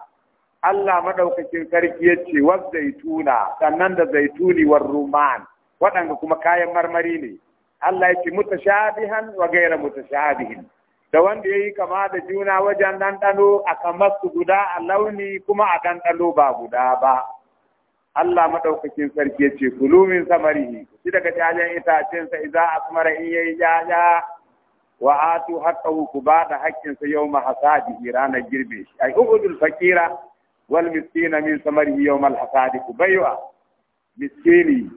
B: Allah madaukakin sarki ya ce wa zaituna sannan da zaituni war ruman waɗanda kuma kayan marmari ne Allah ya ce mutashabihan wa gaira mutashabihin da wanda ya yi kama da juna wajen ɗanɗano a kamar guda a launi kuma a ɗanɗano ba guda ba Allah madaukakin sarki ya ce kulu min samarihi shi daga jajen itacensa idza asmara in yayi jaja wa atu haqqahu ku ba da haƙƙinsa yawma hasadihi ranar girbe shi ai ubudul fakira wal miskina min samarihi yawmal hasadi ku baiwa miskini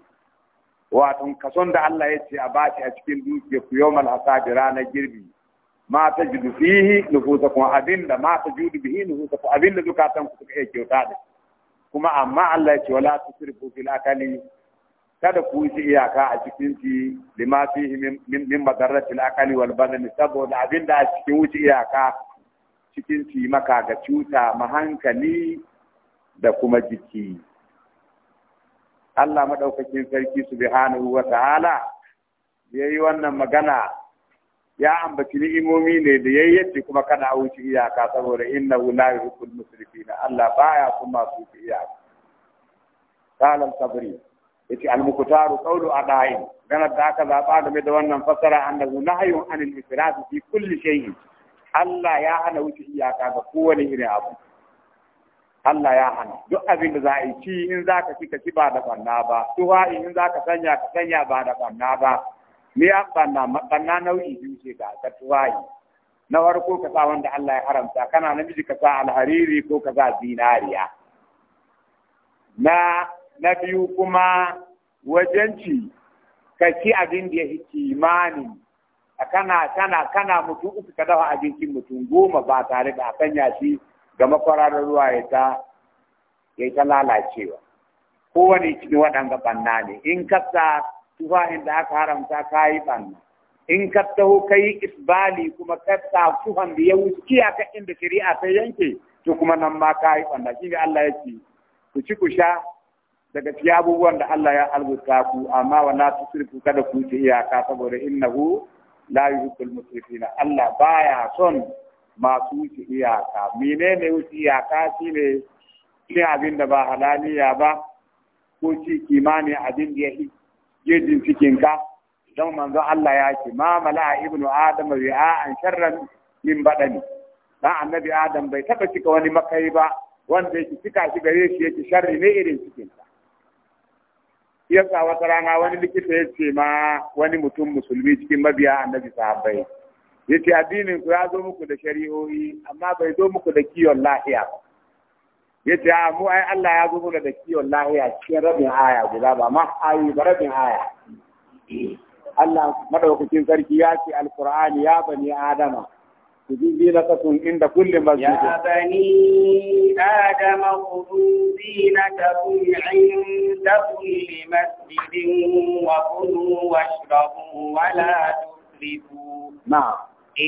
B: wato kason da Allah ya ce a bashi a cikin dukiya ku yawmal hasadi ranar girbi ma ta judu fihi nufusakum abinda ma ta judu bihi nufusakum abinda zukatan ku suka iya kyauta da kuma amma Allah ya ce wala tusrifu fil akali kada ku yi iyaka a cikin ci lima fihi min madarratil akali wal badani saboda abinda a cikin wuce iyaka cikin cimaka ga cuta mahankali da kuma jiki Allah maɗaukakin sarki su bi hannu wa ta'ala ya yi wannan magana ya ambaci ni'imomi ne da ya yadda kuma kana wuce iyaka saboda inna la yuhibbul musrifina Allah baya kuma su iyaka قال الصبري يتي المكتار قول أدائم قال ذاك da wannan مدونا فسر Na نهي عن الإسراف fi kulli شيء Allah ya hana wuce iyaka ga kowane irin abu Allah ya hana duk abin da za a yi ci in za ka ci ka ci ba da banna ba tuwa in za ka sanya ka sanya ba da banna ba me ya banna banna nau'i biyu ce ka ka tuwayi na farko ka sa wanda Allah ya haramta kana namiji ka sa alhariri ko ka sa zinariya na na biyu kuma wajen ci ka ci abin da ya kimanin kana kana kana mutum uku ka dafa abincin mutum goma ba tare da a sanya shi ga makwararar ruwa ya ta ya ta lalacewa kowane cikin waɗanga banna ne in ka sa tufahin da aka haramta ka yi banna in ka taho ka yi isbali kuma ka sa tufan da ya wuce iyaka inda shari'a ta yanke to kuma nan ma ka yi banna shi ne Allah ya ce ku ci ku sha daga cikin abubuwan da Allah ya albuta ku amma wala tusrifu kada ku ci iyaka saboda innahu la musulmi na Allah baya son masu wuce iyaka ne wuce iyaka ne ne abin da ba halaliya ba ko ci kimanin abin da ya yi jejin cikinka don manzo Allah ya ce ma mala'a ibnu adama an sharran min badani dan annabi adam bai taba cika wani makai ba wanda yake cika shi gare shi yake sharri ne irin cikinka sa wata rana wani likita ya ce ma wani mutum musulmi cikin mabiya annabi sahabbai ya ce addinin ku ya zo muku da shari'o'i amma bai zo muku da kiwon lahiya ya ce a mu ai Allah ya zo mana da kiwon lahiya cikin rabin aya guda ba ma ayi ba rabin aya Allah madaukakin sarki ya ce alqur'ani ya bani adama تجيزي لقص عند كل مسجد يا
A: بني آدم خذوا زينتكم عند كل مسجد وكلوا واشربوا ولا تسرفوا نعم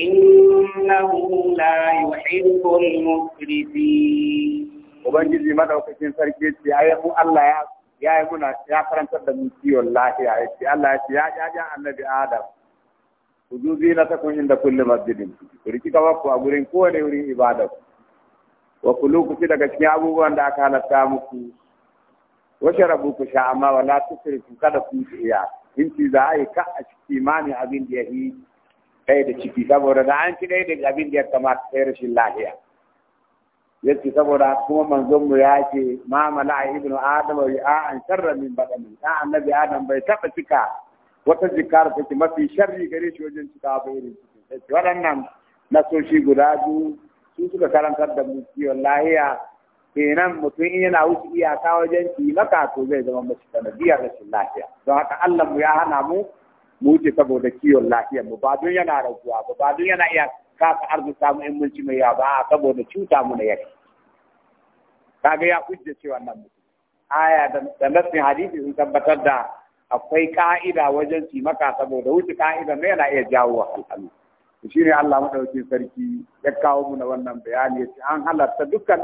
A: إنه لا يحب المسرفين
B: Ubangiji madaukakin sarki ya ya karantar da mu kiwon lafiya ya ce Allah ya ku ju zina ta kun inda kullum masjidin ku wakku a gurin kowane wurin ibada wa kulu ku ci daga cikin abubuwan da aka halatta muku wa sharabu ku sha amma wala tusrifu kada ku iya in ci za a yi ka a ciki mani abin da ya yi ɗaya da ciki saboda da an ci ɗaya da abin da ya kamata sai rashin lahiya yace saboda kuma manzon mu ya ce ma mala'a ibnu adam wa an sharra min badani da annabi adam bai taba cika wata jikar take mafi sharri gare shi wajen cika bayanin sai waɗannan nasoshi guda biyu su suka karantar da mu kiyon lahiya kenan mutum in yana wuce iyaka wajen maka to zai zama mashi sanadiyar rashin lafiya don haka Allah mu ya hana mu mu wuce saboda kiyon lahiya mu ba don yana raguwa ba ba don yana iya kasa arzuta mu in mun ci mai yawa ba saboda cuta mu na yake kaga ya kujje cewa nan mutum aya da nassin hadisi sun tabbatar da akwai ka'ida wajen su maka saboda wuce ka'ida ne yana iya jawo wa al'alu shi ne Allah maɗauki sarki ya kawo mu na wannan bayani ya ce an halarta dukkan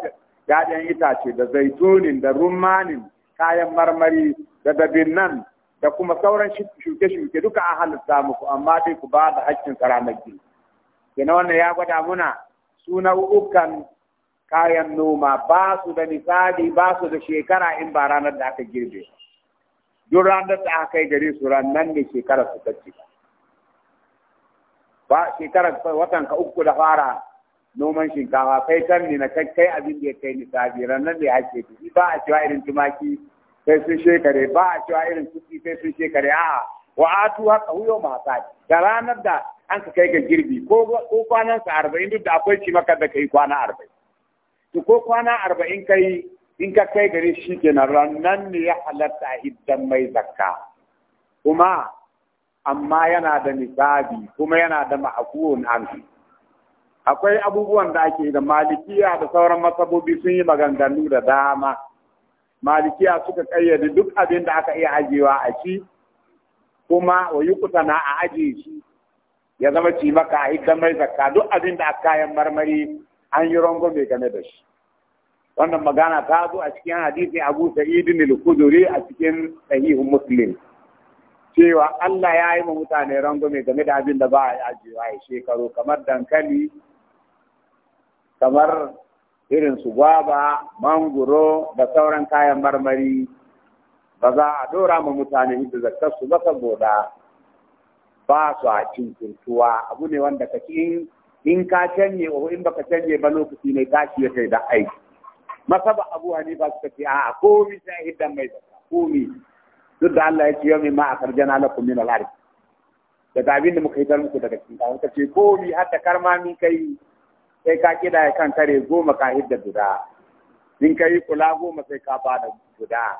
B: ya'yan itace da zaitunin da rummanin kayan marmari da dabin nan, da kuma sauran shuke-shuke duka an halarta muku amma dai ku ba da haƙƙin karamar gini kenan wannan ya gwada muna su nau'ukan kayan noma ba su da nisali, ba su da shekara in ba ranar da aka girbe duk ranar da aka kai gare su ranar ne shekara su ta ba shekara watan ka uku da fara noman shinkafa kai can ne na kai abin da ya kai nisabi ranar ne ake ciki ba a cewa irin tumaki sai sun shekare ba a cewa irin kuɗi sai sun shekare a'a wa atu haka huyo masa da ranar da an ka kai ga girbi ko kwanan sa arba'in duk da akwai ci maka da kai kwana arba'in ko kwana arba'in kai in ka kai gari shi kenan nan ne ya halatta a hiddan mai zakka kuma amma yana da nisabi kuma yana da ma'akuwan an akwai abubuwan da ake da malikiya da sauran masabobi sun yi maganganu da dama malikiya suka kayyade duk abin da aka iya ajiyewa a shi kuma wa yi kutana a ajiye shi ya zama cimaka a hiddan mai zakka duk abin da aka kayan marmari an yi mai game da shi wannan magana ta zo a cikin hadisi Abu Sa'id al-Khudri a cikin sahihu Muslim cewa Allah ya yi wa mutane rangume game da abin da ba a ajiyewa a shekaru kamar dankali kamar irin su gwaba mangoro da sauran kayan marmari ba za a dora ma mutane inda zakar su ba saboda ba su a cikin kuntuwa abu ne wanda ka in ka canje in baka canje ba lokaci ne tashi ya kai da aiki masaba abu hanifa su tafi a komi sai hidda mai zakka komi duk da Allah ya ce yau ma akarjana kun min al-ard daga abin da muka yi dar muku daga cikin ka ce komi hatta karma min kai sai ka kida kan kare goma ka hidda guda in kai kula goma sai ka da guda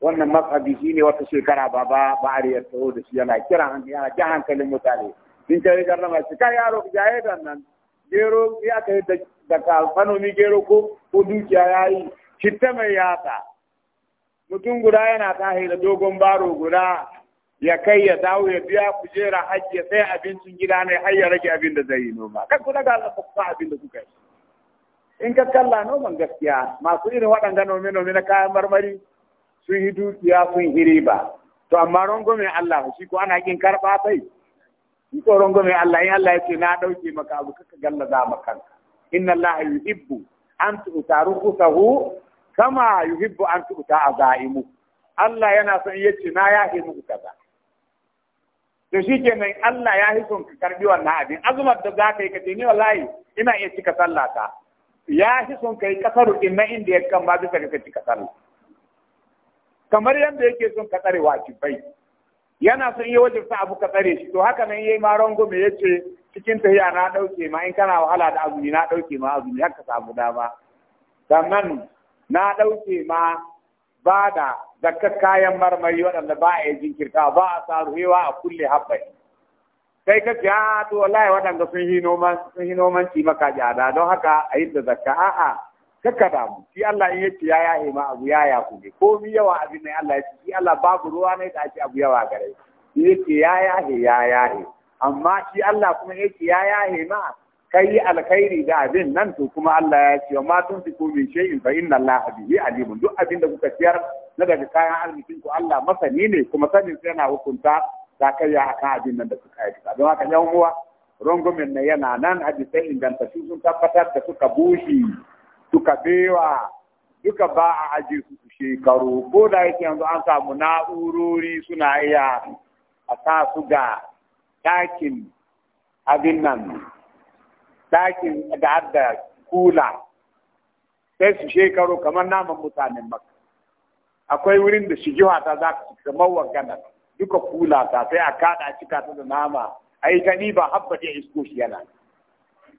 B: wannan mazhabi shine wata shekara ba ba ba riyar taho da shi yana kira yana ji hankalin mutane in kai garna shi yaro jaye nan gero ya kai yi da ni gero ko dukiya ya yi citta mai yatsa mutum guda yana tahi da dogon baro guda ya kai ya dawo ya biya kujera hajji ya sai abincin gida ne har ya rage abin da zai yi noma kan ku daga Allah ku abin da kuka yi in ka kalla noman gaskiya masu irin waɗanda nome nome na kayan marmari sun yi dukiya sun yi ba. to amma rangwamen Allah shi ko ana kin karɓa sai tsoron gome Allah in Allah ya ce na dauke maka abu kaka gallaza maka inna Allah yuhibbu an tu'ta sahu, kama yuhibbu an tu'ta azaimu Allah yana son ya ce na ya muku kaza to shikenan Allah ya hi son ka karbi wannan abin azumar da zaka yi ka ce ni wallahi ina iya cika sallah ta. ya hi son kai kasaru inna inda ya kan ba bisa ka cika sallah kamar yadda yake son ka tsare wajibai yana son yi wajibta abu ka tsare shi to haka nan yayi ma rangume yace cikin tahiya na dauke ma in kana wahala da azumi na dauke ma azumi ka samu dama sannan na dauke ma ba da zakka kayan marmari waɗanda ba a yi jinkirta ba a sa hewa a kulle habbai sai ka ce ah, to wallahi waɗanda sun yi noman sun ci maka jada don haka a yi da zakka a'a kakka da shi Allah in yake ya yaye ma abu ya ya ne. Ko mi yawa abin nan Allah ya ce. shi Allah babu ruwa ne da ake abu yawa gare shi yake ya yaye ya yaye amma shi Allah kuma yake ya yaye ma kai alkhairi da abin nan to kuma Allah ya ce ma tun fi shi in fa inna Allah bihi alimun duk abin da kuka ciyar na daga kayan arzikin ku Allah masani ne kuma sanin sai yana hukunta za ka yi akan abin nan da kuka aikata don haka yan uwa rungumin na yana nan hadisai ingantattu sun tabbatar da suka bushe Duka bewa duka ba a ajiye su su shekaru ko da yake yanzu an samu na'urori suna iya a sa su ga ɗakin abin nan ɗakin da adda kula sai su shekaru kamar naman mutanen maka akwai wurin da shigiwa ta za ka cika mawar duka kula ta sai a kada cika ta da nama a yi ta ba habba ta isko shi yana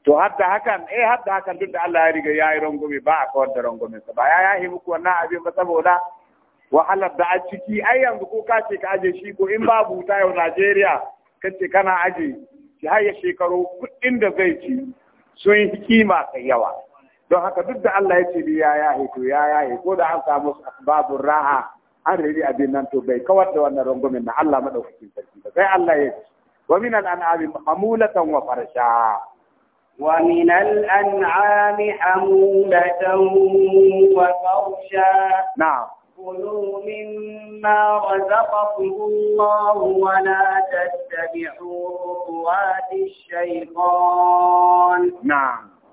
B: to hadda hakan eh hadda hakan duk da Allah ya riga ya yi rangume ba a kawar da rangumin sa ba ya yi muku wannan abin ba saboda wahalar da a ciki ai yanzu ko ka ce ka aje shi ko in ba buta yau Najeriya ka ce kana aje shi har ya shekaru kuɗin da zai ci sun yi kima kai yawa don haka duk da Allah ya ce ya yi to ya yahi ko da an samu babun raha an a abin nan to bai kawar da wannan rangumin na Allah madaukakin sarki ba sai Allah ya ce wa min al wa farsha
A: Waminal 'yan jami'an bada taunuka saushe. Kulumin nawa zaba kurma ruwa na daddabi surutuwar shayikon.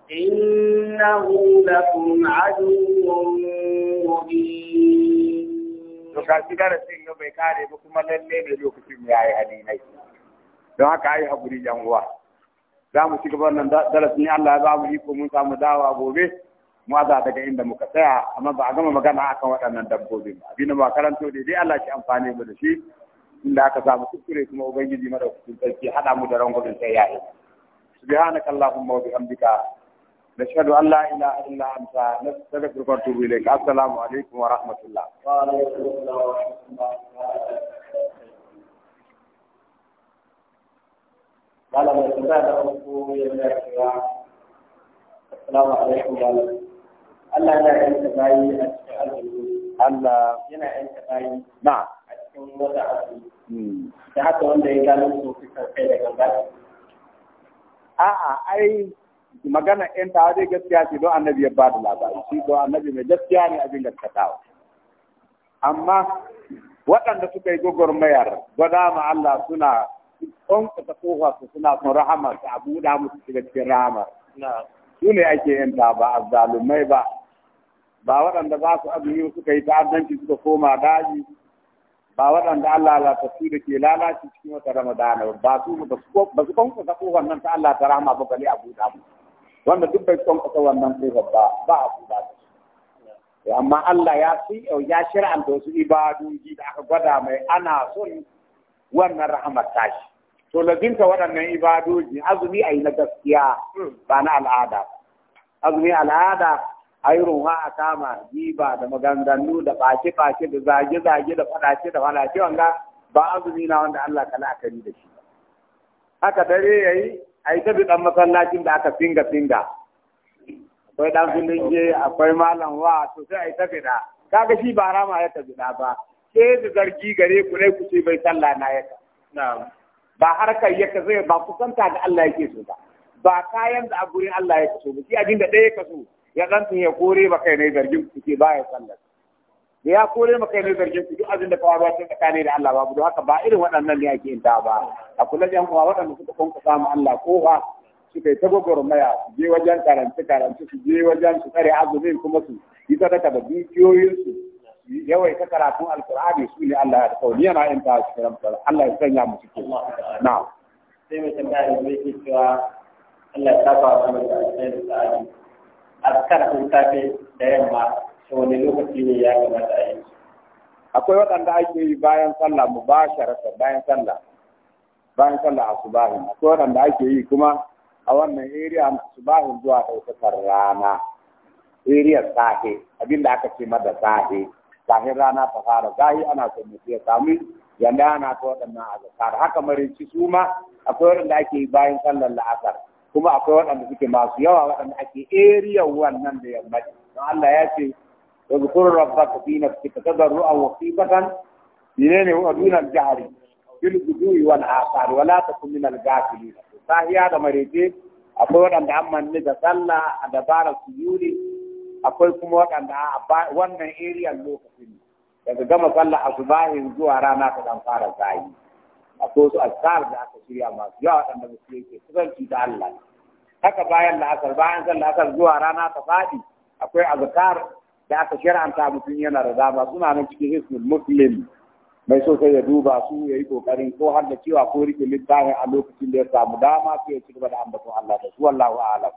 A: Inna hula kun haɗuwar mugun. To kai sigara sengila bai kare bi kuma lalle
B: mai lokacin da ya yi a neman. Don haka a yi yan uwa? za mu ci gaba nan ne Allah ya ba mu iko mun samu dawa gobe mu za daga inda muka tsaya amma ba a gama magana akan waɗannan dabbobi ba abin da ba karanto dai Allah ya amfani mu da shi inda aka samu kuskure kuma ubangiji madaukakin sarki hada mu da rangwamin sai yayi subhanaka allahumma wa bihamdika nashhadu an la ilaha illa anta nastaghfiruka wa natubu ilayk assalamu alaikum wa rahmatullah
A: wa alaikum assalam wa malam mai tambaya da farko ya Allah yana yanka
B: bayi bayi a cikin wata azumi
A: hmm. da haka wanda ya
B: kai a'a ai magana ɗin ta dai gaskiya ce don annabi ya ba da labari shi don annabi mai gaskiya ne abin gaskatawa amma waɗanda suka yi mayar gwada ma Allah suna kon ka ta kofa su suna son rahama su abu da musu shiga cikin rahama
A: su ne ake yin
B: ta ba a zalumai ba ba waɗanda ba su azumi suka yi ta'addanci suka koma daji ba waɗanda Allah su da ke lalaci cikin wata Ramadana ba su ba su kon ta kofa nan ta Allah ta rahama ba bale abu da musu wanda duk bai kon ta wannan kofa ba ba abu da musu amma Allah ya fi ya shir'anta wasu ibadoji da aka gwada mai ana son wannan rahama tashi to lazimta waɗannan ibadoji azumi a yi na gaskiya hmm. ba na al'ada azumi al'ada a yi ruwa a kama ziba da maganganu da ɓace-ɓace da zage-zage da faɗace da faɗace wanga ba azumi na wanda Allah ka la'akari da shi haka dare ya yi a yi tabi ɗan masallacin da aka finga-finga akwai ɗan filin je akwai malam wa to sai a yi tabi da kaga shi ba rama ya tabi da ba sai da zargi gare ku ne ku ce bai sallah na ya ka ba harkar yaka zai ba kusanta da Allah yake so ba ba kayan da a gurin Allah ya kaso ba shi abin da ɗaya kaso ya ɗan ya kore ba kai ne zargin ku ke baya sallar da ya kore maka ne zargin ku duk abin da kawo ruwa tsakani da Allah babu don haka ba irin waɗannan ne ake inta ba a kula da uwa waɗanda suka kunka samu Allah kowa su kai ta gwagwarmaya su je wajen karanci karanci su je wajen su tsare azumin kuma su yi sadaka da dukiyoyinsu yawai ta karatun alkur'ani su ne Allah ya kauli yana yin ta shi karamta Allah ya sanya musu ke na sai mai tambaya da yake cewa Allah ya saba mu da alheri da sa'adi a safe da yamma wani lokaci ne ya kamata a yi akwai waɗanda ake yi bayan sallah mu ba sharasa bayan sallah bayan sallah asubahin akwai waɗanda ake yi kuma a wannan area asubahin zuwa ɗaukakar rana area sahe abinda aka ce mada sahe kafin rana ta fara gayi ana son mutum ya samu yanda ana ta waɗannan azkar haka marinci su ma akwai waɗanda ake yi bayan sallar la'asar kuma akwai waɗanda suke masu yawa waɗanda ake eriyar wannan da yammaci don Allah ya ce wa zikuru rabbaka fi nafsika tadarru'an wa khifatan menene wa duna al-jahri bil wal asar wa la takun min al-ghafilin sahiya da marece akwai waɗanda an manne da sallah a dabarar yuri akwai kuma waɗanda a wannan area lokacin daga gama sallar asubahin zuwa rana ta dan fara zayi so su da aka shirya masu yawa waɗanda ba yake kusanci da Allah haka bayan la'asar bayan sallar lasar zuwa rana ta faɗi akwai azkar da aka shiranta mutum yana da dama suna nan cikin hisnul muslim mai so sai ya duba su ya yi kokarin ko har da cewa ko rike littafin a lokacin da ya samu dama sai ya ci gaba da ambaton Allah da su wallahu a'lam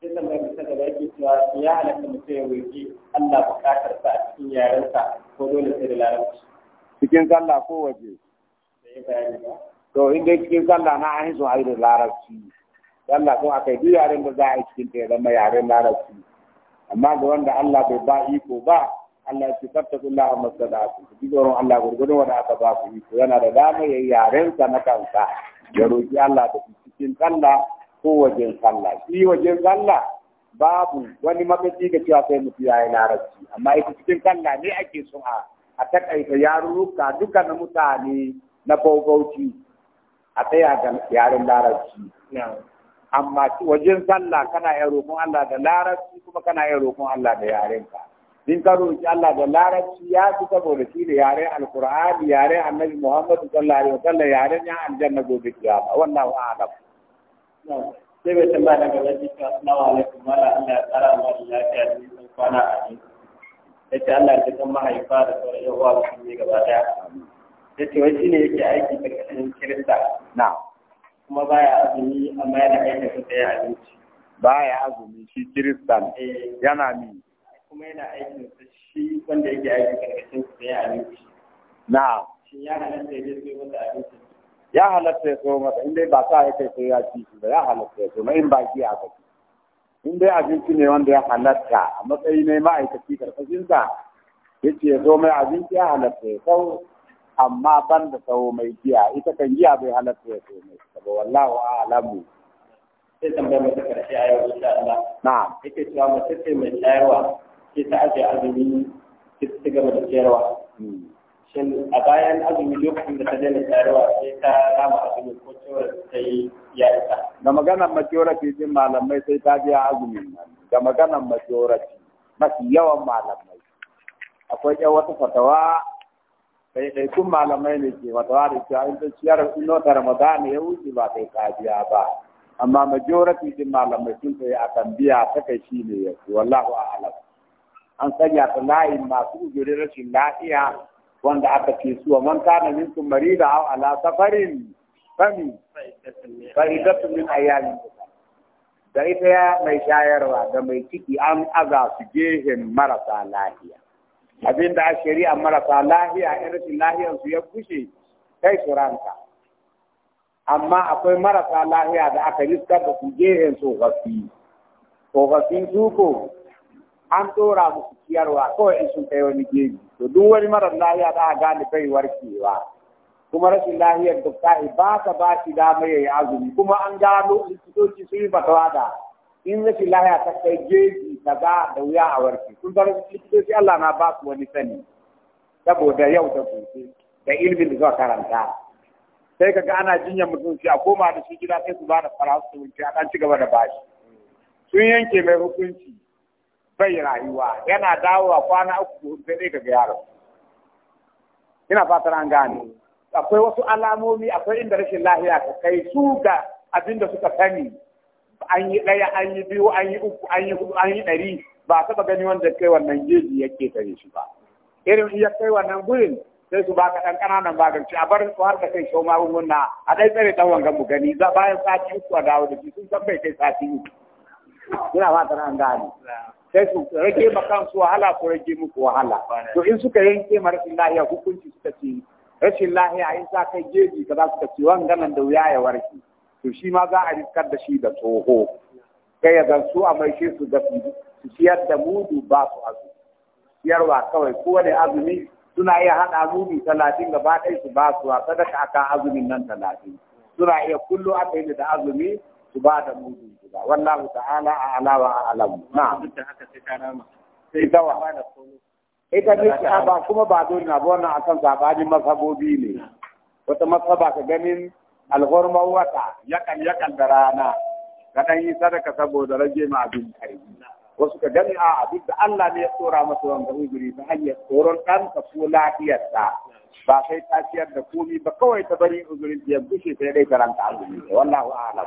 B: sai tambayar da daga yake cewa ya halatta mutum ya roƙi Allah buƙatar sa a cikin yarensa ko dole sai da larabci cikin sallah ko waje da ya bayani ba to in dai cikin sallah na an sun ayi da larabci sallah ko akai duk yaren da za a yi cikin ta ya zama yaren larabci amma ga wanda Allah bai ba iko ba Allah ya fatta kullaha masadatu duk wurin Allah gurgurun wanda aka ba ku iko yana da dama yayi yaren sa na kansa ya roƙi Allah da cikin sallah ko wajen sallah shi wajen sallah babu wani makaci da cewa sai mutu ya yi larabci amma ita cikin sallah ne ake so a a takaita yarurruka duka na mutane na bau-bauchi a tsaya ga yaren larabci amma wajen sallah kana yin roƙon Allah da larabci kuma kana yin roƙon Allah da yarenka din ka roƙi Allah da larabci ya fi saboda shi da yaren alkur'ani yaren annabi Muhammadu sallallahu alaihi wasallam yaren ya aljanna gobe kiyama wallahu a'lam sai bai tambaya daga wajen ta assalamu alaikum mala Allah ya tsara ma lafiya da nisan kwana a ne yace Allah ya san mahaifa da sauran yan uwa musulmi gaba daya yace wai shine yake aiki da kasan kirista na kuma baya azumi amma yana aiki da ya abinci baya azumi shi kiristan eh. yana mi kuma yana aikin sa shi wanda yake aiki karkashin sa ya abinci na
A: shin ya halatta
B: ya je sai wata abinci ya halatta ya so masa in dai ba sa ya kai ya ci shi ba ya halatta ya so in ba a ba in dai abinci ne wanda ya halatta a matsayi ne ma'aikaci karkashinsa ya ce ya so mai abinci ya halatta ya sau amma ban da sau mai giya ita kan giya bai halatta ya so mai saboda wallahu a'lamu sai tambayar mata karshe a yau insha Allah na'am yake cewa mace ce mai shayarwa sai ta ajiye azumi ta gaba da shayarwa hmm. shin a bayan azumi lokacin da ta daina tsarewa sai ta rama azumi ko cewar ta yi ya isa. Da maganar majority din malamai sai ta biya azumin nan. Da maganar majority mafi yawan malamai. Akwai ƴan wata fatawa ɗaiɗaikun malamai ne ke fatawa da cewa in ta ciyar in wata Ramadan ya wuce ba ta yi biya ba. Amma majority din malamai sun tsaye a kan biya ta kai shi ne ya wallahu a'alam. An sanya ta layin masu ujurin rashin lafiya wanda aka ke su wa man kana mari hau hau ala safarin fami
A: fa'idatu min ayyamin
B: da ita ya mai shayarwa da mai ciki an aza su gehen marasa lahiya abinda a shari'a marasa lahiya in rashin lahiyar su ya kushe kai su ranka amma akwai marasa lahiya da aka riskar da su gehen tsofaffi tsofaffin su ko an tsora musu ciyarwa kawai in sun kai wani gehen to duk wani marar lahiya da a gane bai warkewa kuma rashin lahiyar ka ba ta ba shi da mai yayi azumi kuma an gano likitoci sun yi fatawa da in rashin lahiya ta kai jeji kaza da wuya a warke kun san likitoci Allah na ba su wani sani saboda yau da gobe da ilimin da zuwa karanta sai kaga ana jinyar mutum shi a koma da shi gida sai su ba da fara su a dan ci gaba da bashi sun yanke mai hukunci bai rayuwa yana dawowa kwana uku sai dai ka ga yaro ina fatar an gane akwai wasu alamomi akwai inda rashin lahiya ka kai su ga abinda suka sani an yi ɗaya an yi biyu an yi uku an yi hudu an yi ɗari ba a taɓa gani wanda kai wannan jeji yake tare shi ba irin iya kai wannan gurin sai su baka ɗan ƙananan magance a bar su har da kai shau magunguna a ɗai tsare ɗan wangan mu gani za bayan sati uku a dawo da shi sun san bai kai sati uku ina fatan an gane sai su rage ma kansu wahala ko rage muku wahala to in suka yanke ma rashin lahiya hukunci suka ce rashin lahiya in sa kai jeji ka za su ce wanga nan da wuya ya warke to shi ma za a riskar da shi da tsoho kai ya gansu a mai su da su ciyar da mudu ba su azumi ciyarwa kawai kowane azumi suna iya haɗa azumi talatin gaba ɗaya su ba su a sadaka akan azumin nan talatin suna iya kullo a yi da azumi su ba da mudu guda wallahu ta'ala a alawa a alamu na duk
A: da haka sai ta rama
B: sai dawa ita gaskiya ba kuma ba dole na ba wannan akan sabanin masabobi ne wata masaba ka ganin alhormar wata yakan yakan da rana ka dan yi sadaka saboda rage ma abin karfi wasu ka gani a duk da Allah ne ya tsora masa wanda uzuri ta hanyar tsoron ɗan ka ko lafiyarsa ba sai ta ciyar da komi ba kawai ta bari uzurin ya gushe sai dai karanta azumi wallahu a'lam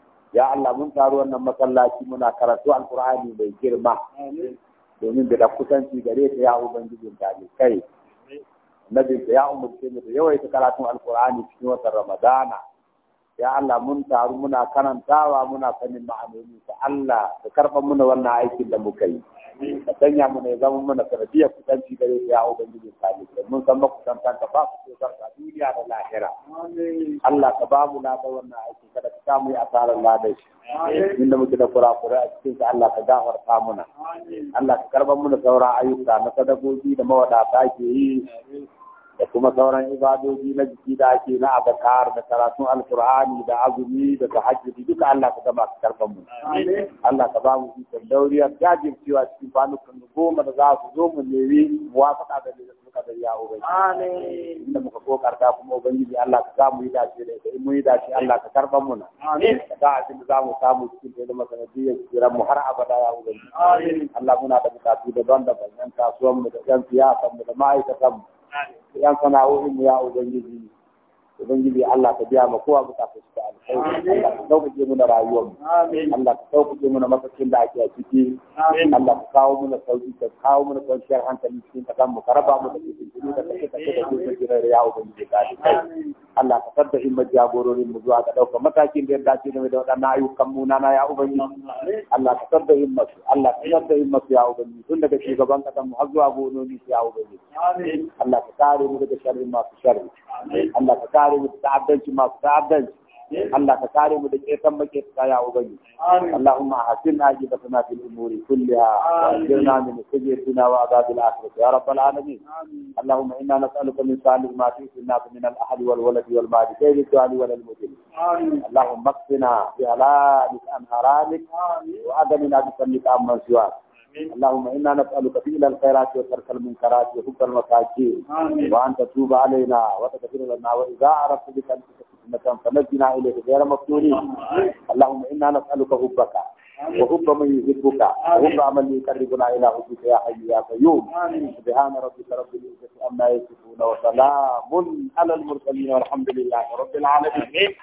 B: ya Allah mun taru wannan masallaci muna karatu alqur'ani mai girma domin da kusanci gare ta ya ubangiji ta ne kai nabi ya umurce mu da yawaita karatun alqur'ani cikin watan ramadana ya Allah mun taru muna karantawa muna sanin ma'anoni ta Allah ka karɓa muna wannan aikin da muka yi ka sanya mu ne zama muna sanadiyar kusanci gare ya ubangiji salihu mun san san ka ba ku cutar ka duniya da lahira Allah ka ba mu lada wannan aikin kada ka samu a asarar ladar shi inda muke da kurakura a cikin ka Allah ka gafarta muna Allah ka karɓa muna sauran ayyuka na sadakoki da mawadata ke yi da kuma sauran ibadoji na jiki da ake na abakar da karatun alkur'ani da azumi da tahajjudi duka Allah ka gama ka karban mu Allah ka ba mu ikon dauriya jajircewa cikin kwanukan goma da za su zo mu nemi muwafaka da da suka ya ubangi amin inda muka kokarta kuma ubangiji Allah ka samu yi dace da in mu yi dace Allah ka karban mu amin ka sa za mu samu cikin da masanadiyar kiran mu har abada ya ubangi amin Allah muna da bukatu da daban yan kasuwan mu da yan siyasan mu da ma'aikatan mu ya sana'o'in ya ubangiji ubangiji Allah ka biya ma kowa bukatun su da alkhairi Allah ka rayuwar mu Allah da ake ciki Allah ka kawo sauki ka kawo kwanciyar hankali cikin kasan mu ka raba mu da cikin jini da da ubangiji ka kai Allah ka himmar jagororin mu zuwa matakin da ya da na ya ubangiji Allah ka himmar su Allah ka himmar su ya ubangiji tun daga shugaban mu har zuwa gononi ka mu daga sharrin masu sharri Allah ka kare kare mu da ta'addanci masu ta'addanci Allah ka kare mu da ketan muke tsaya ubangi Allahumma hasina ajibatana fil umuri kulliha wa ajirna min sayyi'atina wa adhabil akhirati ya rabbal alamin Allahumma inna nas'aluka min salih ma fi sunnah min al ahli wal walad wal mali kayl su'ali wal mudin Allahumma qina bi halalik an haramik wa adamina bi sannika amman siwak اللهم إنا نسألك فعل الخيرات وترك المنكرات وحب المساكين وأن تتوب علينا وتغفر لنا وإذا عرفت بك ان فتنة فنجنا إليك غير مفتونين اللهم إنا نسألك حبك وحب من يحبك وحب عمل يقربنا إلى حبك يا حي يا قيوم سبحان ربك رب العزة عما يصفون وسلام على المرسلين والحمد لله رب العالمين